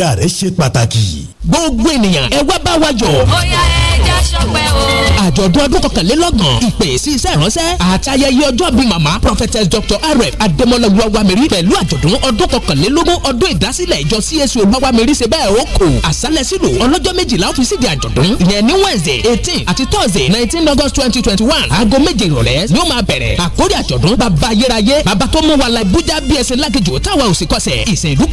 ìlera rẹ ṣe pàtàkì. gbogbo ènìyàn ẹ wá bá wa bóyá ẹja ṣọpẹ́ o. àjọ̀dún ọdún kọkànlélọ́gbọ̀n ìpè sí iṣẹ́ ìránṣẹ́ àti ayẹyẹ ọjọ́ bíi màmá prophetess dr rf adémọlá olúwawamẹ́rì pẹ̀lú àjọ̀dún ọdún kọkànlélógún ọdún ìdásílẹ̀ ìjọ csc olúwawamẹ́rì ṣe bẹ́ẹ̀ ó kò àṣálẹ̀ sílò ọlọ́jọ́ méjìlá ó fi àjọ̀dún ìyẹn ní wednesday thursday nineteen august twenty twenty one aago méje ìrọ̀lẹ́ ni ó máa bẹ̀rẹ̀ àkórí àjọ̀dún bàbá ayérayé bàbá tó mú wa la ibùjá bíẹ̀sẹ̀ lágéjò táwa ò sì kọsẹ̀ ìsìn ìlú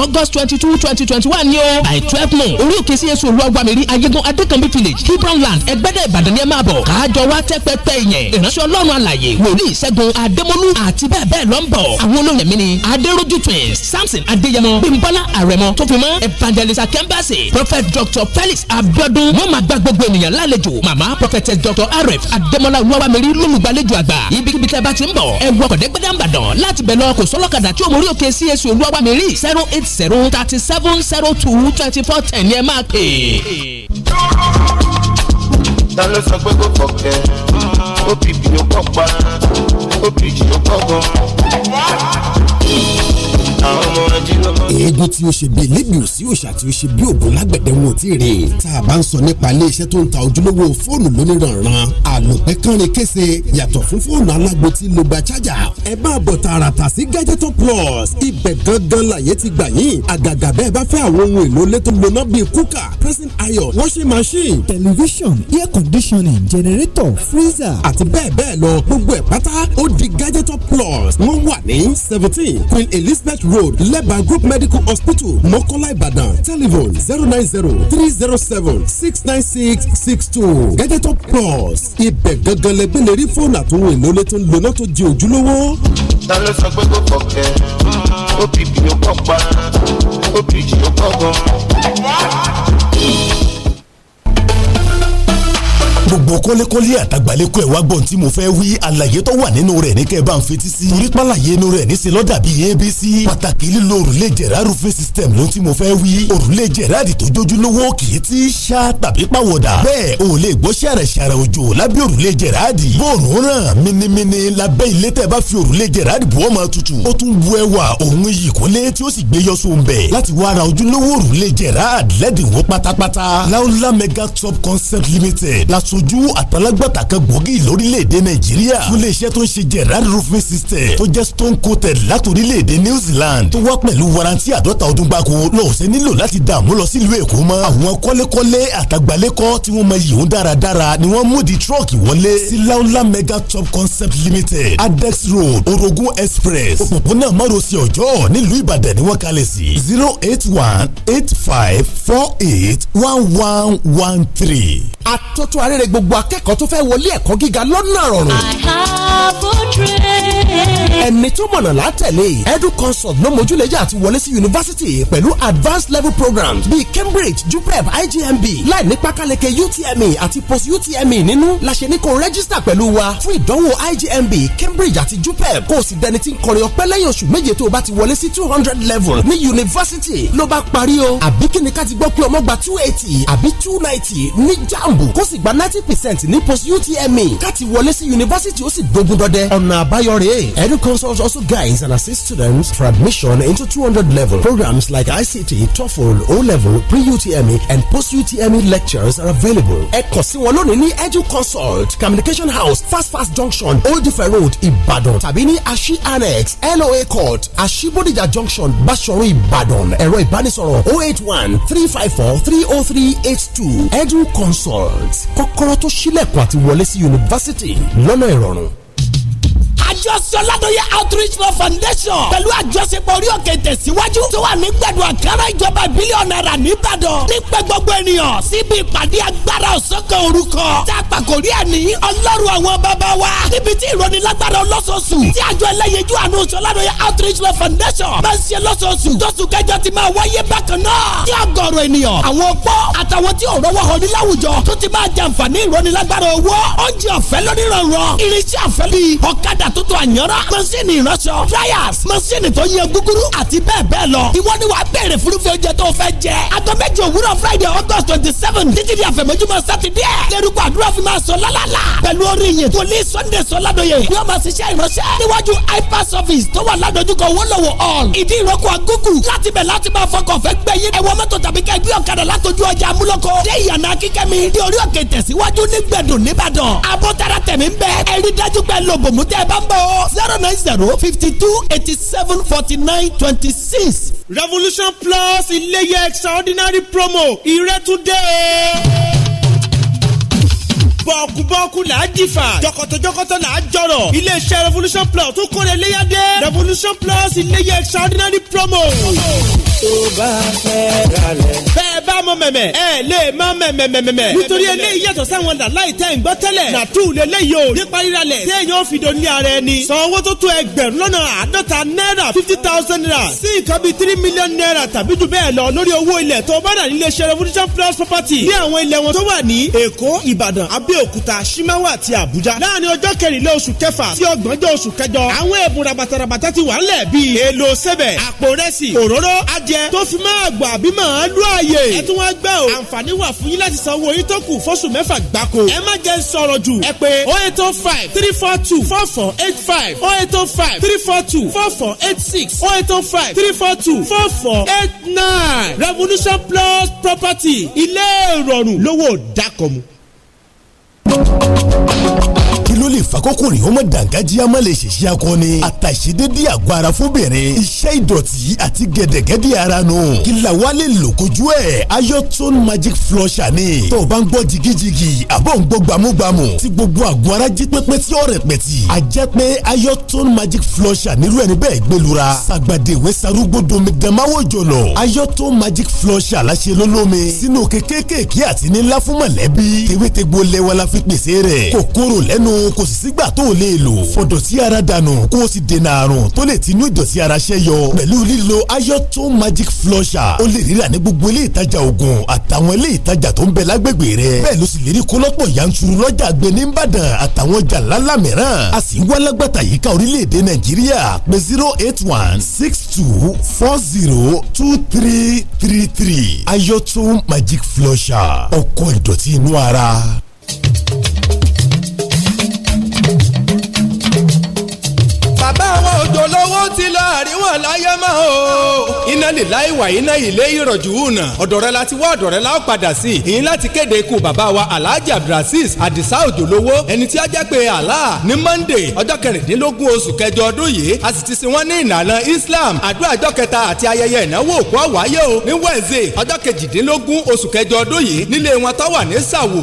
august twenty two twenty twenty one ni o by twelve noon orí òkè sí èso olúwàgbàmírí ayégun adékanbí village hebron land ẹgbẹ́dẹ̀ ìbàdàn ni ẹ máa bọ̀ káàjọ wa tẹ́ pẹ́pẹ́ yẹn ìránṣẹ́ ọlọ́run àlàyé wòlíì ṣẹ́gun adémọ́lú àti bẹ́ẹ̀ bẹ́ẹ̀ lọ ń bọ̀ àwọn olóyè mi ni adérójú twins samson adéyẹmọ bímbọ́lá àrẹ̀mọ tó fi mọ́ evangelista kẹ́mbàṣe prophet dr felix abiodun wọ́n máa gba gbogbo ènìyàn lálejò màmá prophetess dr rf adémọ́lá olúwàgbàmírí lólùgbàlejò àgbà ibikíbi tẹ́ bá ti ń bọ̀ ẹ wọkọ̀ dẹ́gbẹ́dẹ́ seven zero two twenty four ten ni ẹ máa pè. ta ló sọ pé kò fọkẹ́ ó bìbì ó kọ́ pa ó bìjì ó kọ́ gan eégún tí ó ṣe bíi lébìrì sí òòṣà tí ó ṣe bíi ògùn lágbẹ̀dẹ wọn ò tí ì rè tá a bá ń sọ nípa ilé iṣẹ́ tó ń ta ojúlówó fóònù lóníranran àlòpẹ́ kánrin kése yàtọ̀ fún fóònù alágbo tí ló gba chájà ẹ bá bọ̀ tààràtà sí gadgetor plus ibẹ̀ gangan làyè ti gbà yín àgàgà bẹ́ẹ̀ bá fẹ́ àwọn ohun èlò ilé tó lóná bíi kúkà pressing iron washing machine television air conditioning generator freezer àti bẹ́ẹ̀ bẹ́ẹ̀ lọ gbogbo ẹ̀ pátá ó di gadgetor plus wọ́n wà ní seventeen queen elizabeth road leba group medical hospital mọ́kọ́lá ìbàdàn telephone zero nine zero three zero seven six nine six six two gadgetop plus ibẹ̀ gangan lẹgbẹ́ lè rí fóònù àtúnwò ìnáwó tó ń lona tó di ojúlówó. ta ló sọ pé kò kọ̀kẹ́ ó bìbì ó kọ́ pa ó bìbì ó kọ́ gan gbogbo kọ́lékọ́lé àtàgbàlékọ́ ẹ̀ wá gbọ́n tí mo fẹ́ wí àlàyé tó wà nínú rẹ̀ ní kẹ́ ẹ bá ń fetí sí. torí pàlàyé inú rẹ̀ ní sílọ́dà bíi abc pàtàkì lílo òrùlé gerard rufin system ló tí mo fẹ́ wí. òrùlé gerard tó jójúlówó kì í ti ṣá tàbí pàwọ̀dà. bẹ́ẹ̀ o lè gbọ́ ṣàrẹ̀ṣàrẹ̀ òjò lábẹ́ òrùlé gerard. bóònù ràn minimini aṣojú àtàlágbàtà kan gbòógì lórílẹ̀‐èdè nàìjíríà fún iléeṣẹ́ tó ń ṣe gerard roofing system tó jẹ́ stone coated látòrílẹ̀‐èdè new zealand tó wá pẹ̀lú warranty àdọ́ta ọdún gbáko lọ́sẹ̀ nílò láti dààmú lọ sílùú èkó mọ́ àwọn kọ́lékọ́lé àtàgbálẹ́kọ́ tí wọ́n mọ yìí ń dáradára ni wọ́n mú di trọ́ọ̀kì wọlé sí laola mega top concept limited adex road orogun express òpópónà márosẹ̀ ọjọ́ nílùú ìbàdàn ni wọ́n kalẹ̀ sí zero eight one eight five four eight one one one three. àtọ́tún arẹ́rẹ́ gbogbo akẹ́kọ̀ọ́ tó fẹ́ wọlé ẹ̀kọ́ gíga lọ́nà rọrùn. I have a dream. ẹni tó mọ̀nà látẹ̀lé edu consult ló mójúlẹ̀jà àti wọlé sí yunifásitì pẹ̀lú advanced level programs bíi Cambridge JUPEB IJMB láì ní pákáleke UTME àti post UTME nínú la ṣe ní kó rẹ́gísítà pẹ̀lú wa fún ìdánwò IGMB, Cambridge àti JUPEB kó o sì dẹni tí ń kọrin ọpẹ́ lẹ́yìn oṣù méje tó o bá ti wọlé sí two hundred level ní yunifásitì ló bá parí o àbí kíni ká ti gbọ́ pé ọmọ gba two eighty àbí two ninety ní jambu kó sì gba ninety percent ní post UTME káti wọlé sí yunifásitì ó sì gbógun dọdẹ. ọ̀nà àbáyọ rèé edu consult also guides and assists students for admission into two hundred level programs like ICT TOEFL O level pre-UTME and post-UTME lectures are available. ẹ kàn sí wọn lónìí ní edu consult communication house fast fast junction old ife road Ibadan. tàbí ní ashi annex LOA court ashibodija junction Bashorun Ibadan. ẹ̀rọ ìbánisọ̀rọ̀ 081 354 30382 edu consult kọ́kọ́rọ́ tó ṣílẹ̀kùn àti wọlé sí yunifásítì lọ́nà ìrọ̀rùn àjọ sọládọ́yẹ outreach for foundation pẹ̀lú àjọṣepọ̀ orí òkè tẹ̀síwájú tó wà ní gbẹ̀dọ̀ àkàrà ìjọba bílíọ̀nù náírà nìbàdàn nípẹ́ gbogbo ènìyàn síbi ìpàdé agbára òsókè orúkọ tá a pàkórí ẹ̀ ní ọlọ́run àwọn bàbá wa níbi tí ìrónilágbára ọlọ́sọ̀ọ̀sù tí àjọ ẹlẹ́yinjú àánú sọládọ́yẹ outreach for foundation máa ń ṣe lọ́sọ̀ọ̀sù tóṣù kẹjọ ti máa wáyé bákan náà ní ọgọ́rùn ènìyàn àwọn pọ́ àtàwọn tí ò rọwọ́ hàn ní láwùjọ tó ti máa jàǹfààní ìrónilágbára owó oúnjẹ ọ̀fẹ́ lónìí rọrùn irinṣẹ́ ọ̀fẹ́ bíi ọ̀kadà tó mọ́tò àyànrá mọ́sínì ìránṣọ fryers mọ́sínì tó yẹ gúgúrú àti bẹ́ẹ̀ bẹ́ẹ̀ lọ ìwọ ni wàá bẹ̀rẹ̀ fúrufú oúnjẹ tó fẹ́ jẹ aago méje òwúrọ̀ friday august twenty seven títí di àfẹ̀mọ́júmọ́ sátidé lẹ́rùkọ àdúrà fi máa sọ lálàlà pẹ̀lú orin yìí wòlíì sunday sọ ládòye yóò máa ṣiṣẹ́ ìránṣẹ́ níwájú hyper service tó wà ládojúkọ wọ́lọ́wọ́ all ìdí ìrọ́kọ̀ àgókù láti bẹ̀ láti máa fọkàn fẹ́ gbẹ yín ẹ̀wọ́ mọ́tò tàbí kẹ́ gbé ọ̀kadà látọjú ọjà amúlọ́kọ dé ìyànà akíkẹ́mi ní orí òkè tẹ̀síwájú nígbẹ̀dùn níbàdàn abọ́tara tẹ̀mí ń bẹ ẹ̀rí dájú pé o zero nine zero fifty two eighty seven forty nine twenty six. revolution plus ilé yẹ extraordinary promo ìrẹ́túndé bọ́ọ̀kú-bọ́ọ̀kú là á jìfà jọkọ̀tọ̀jọkọ̀tọ̀ là á jọ̀rọ̀ iléeṣẹ́ revolution plus tún kọ́ni léyàdé revolution plus iléyẹ extraordinary promo. tó bá fẹ́ ra lẹ̀. bẹ́ẹ̀ bá mọ mẹ̀mẹ̀ ẹ lè má mẹ̀mẹ̀mẹ̀mẹ̀. nítorí eléyìí yàtọ̀ sáwọn làláì tẹ́ ń gbọ́ tẹ́lẹ̀. nàtú lélẹ́yìí o nípa ríra lẹ̀. téèyàn fi dòní ara ẹni. san owó tó tó ẹgbẹ̀rún lọ́nà àádọ́ta náírà fifty thousand naira. sí nǹkan bíi three million naira tàbí jù bẹ́ẹ̀ lọ lórí owó ilẹ̀ tó bá rà nílé iṣẹ́ revolution plus property. ní àwọn ilẹ̀ wọn tó wà ní èkó ìbàdàn àbí abẹ́òkúta ṣímáwá àti àbújá láàrin ọjọ́ kẹrìnlá oṣù kẹfà sí ọgbọ̀njọ́ oṣù kẹjọ àwọn ẹ̀bùn rabatarabata ti wà ńlẹ̀ bíi èlò sẹ́bẹ̀ àpò rẹ́sì òróró ajẹ tó fi máa gbà bí máa lú àyè ẹ tún wá gbẹ́ o àǹfààní wà fún yín láti san owó yín tó kù fọ́sùn mẹ́fà gbáko ẹ má jẹ́ sọ̀rọ̀ jù ẹ pé oh eight oh five three four two four four eight five oh eight oh five three four two four four eight six oh eight oh five three four two four four eight nine revolution plus property ilé ìrọ̀rùn lówó dákọ̀mu. Thank you. lè fa kókòrè ọmọ dàǹgájíá má lè ṣèṣe akọni àtàṣedédé àgọ́ ara fóbìnrin iṣẹ́ ìdọ̀tí àti gẹ̀dẹ̀gẹ̀dẹ̀ ara nù kí la ẹ̀ ayọ́tún magic flusher ni tó o bá ń gbọ́ jigijigi àbọ̀ ń gbọ́ gbàmúgbàmù tí gbogbo àgọ́ ara jí pépé tí ó rẹ̀ pẹ̀tì a jẹ́ pé ayọ́tún magic flusher nílùú ẹni bẹ́ẹ̀ gbẹlura sàgbàdéwé sarúgbódo kò sì sígbà tó o lè lò fọ̀dọ̀tí ara dànù kó o sì dènà àrùn tó lè tinú ìdọ̀tí ara ṣẹ́ yọ pẹ̀lú lílo ayọ́tún magic flusher o lè ríra ní gbogbo ilé ìtajà oògùn àtàwọn ilé ìtajà tó ń bẹ lágbègbè rẹ bẹ́ẹ̀ ló sì lè rí kólọ́pọ̀ yanturu lọ́jà gbé ní Ìbàdàn àtàwọn ọjà ńláńlá mìíràn a sì ń wá lágbàtà yíká orílẹ̀-èdè Nàìjíríà pé zero eight one six two four zero two three three three ayọ́tún magic flusher ọkọ̀ ìdọ̀tí inú ara. àríwọ̀n láyé mọ́ o. iná lè láì wà iná ilé ìrọ̀jú hùnà ọ̀dọ̀ rẹ ti wá ọ̀dọ̀ rẹ padà sí i kéde ikú bàbá wa alhaji abdulrasis adisa òjòlówó ẹni tí a jẹ́ pé ọjọ́ kẹrìndínlógún oṣù kẹjọ ọdún yìí a sì ti sin wọn ní islam àdúrà ọjọ́ kẹta àti ayẹyẹ ìnáwó òkú ọ̀wáyé o ní wednesday ọjọ́ kejìdínlógún oṣù kẹjọ ọdún yìí nílé wọn tó wà ní sàwò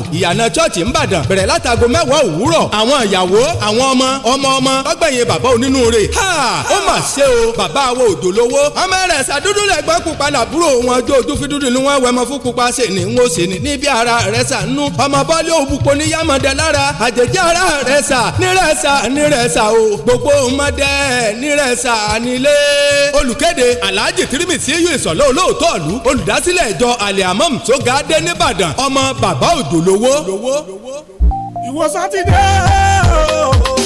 o bàbá wo òjò lówó ọmọ rẹ̀ sàdúdú lẹ́gbọ́n pupa làbúrò wọn jó ojú fi dúdú ni wọ́n wẹ̀mọ fún pupa ṣe ni ń wò ṣe ni níbi ara rẹ̀ sànú ọmọ bọ́lé òbúpo ní yámọ̀dẹ lára àjèjì ara rẹ̀ sà nírẹ̀sà nírẹ̀sà o gbogbo ọmọdé nírẹ̀sà nílé. olùkéde alhaji tirimisi yóò ìsọ̀lọ́ olóòótọ́ ọ̀lú olùdásílẹ̀ ìjọ alẹ́ amọ́m tó ga dé nìbàdàn ọmọ bàbá òjò lówó. ìwọ sátidé ooo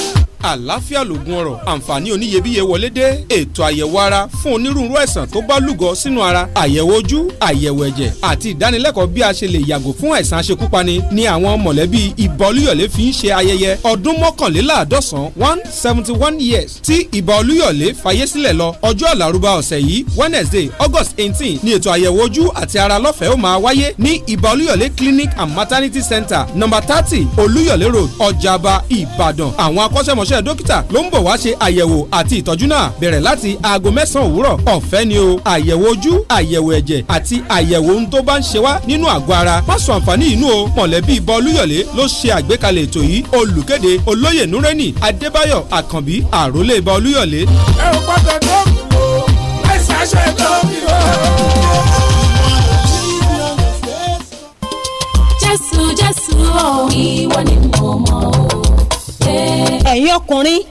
àlàáfíà lògùn ọrọ̀ àǹfààní oníyebíye wọlé dé ètò àyẹ̀wò ara fún onírúurú àìsàn tó bá lúgọ sínú ara àyẹ̀wò ojú àyẹ̀wò ẹ̀jẹ̀ àti ìdánilẹ́kọ̀ọ́ bí a ṣe lè yàgò fún àìsàn aṣekúpani ni àwọn mọ̀lẹ́bí ìbà olúyọ̀lé fi ń ṣe ayẹyẹ ọdún mọ́kànléláàádọ́sán one seventy one years tí ìbà olúyọ̀lé fayé sílẹ̀ lọ ọjọ́ àlàrúbá ọ̀sẹ̀ yìí wednesday august eighteen ni ètò àyẹ̀wò ojú àti ara lọ́fẹ̀ẹ́ ó máa wáyé ní ìbà olúyọ̀lé clinic and maternity center number thirty olúyọ̀lé road ọjàba ìbàdàn àwọn akọ́ṣẹ́mọṣẹ́ iléeṣẹ́ dókítà ló ń bọ̀ wá ṣe àyẹ̀wò àti ìtọ́jú náà bẹ̀rẹ̀ láti aago mẹ́sàn-án òwúrọ̀ ọ̀fẹ́ ni o àyẹ̀wò ojú àyẹ̀wò ẹ̀jẹ̀ àti àyẹ̀wò ohun tó bá ń ṣe wá nínú àgọ́ ara má àǹfààní inú o mọ̀lẹ́bí ibọ̀ ló ṣe àgbékalẹ̀ ètò yìí olùkéde olóyè nureni adébáyọ̀ àkànbí àrólé ibọ̀ olúyọ̀lé. ẹ ò ìwọ ni mo mọ̀ o. ẹ̀yin ọkùnrin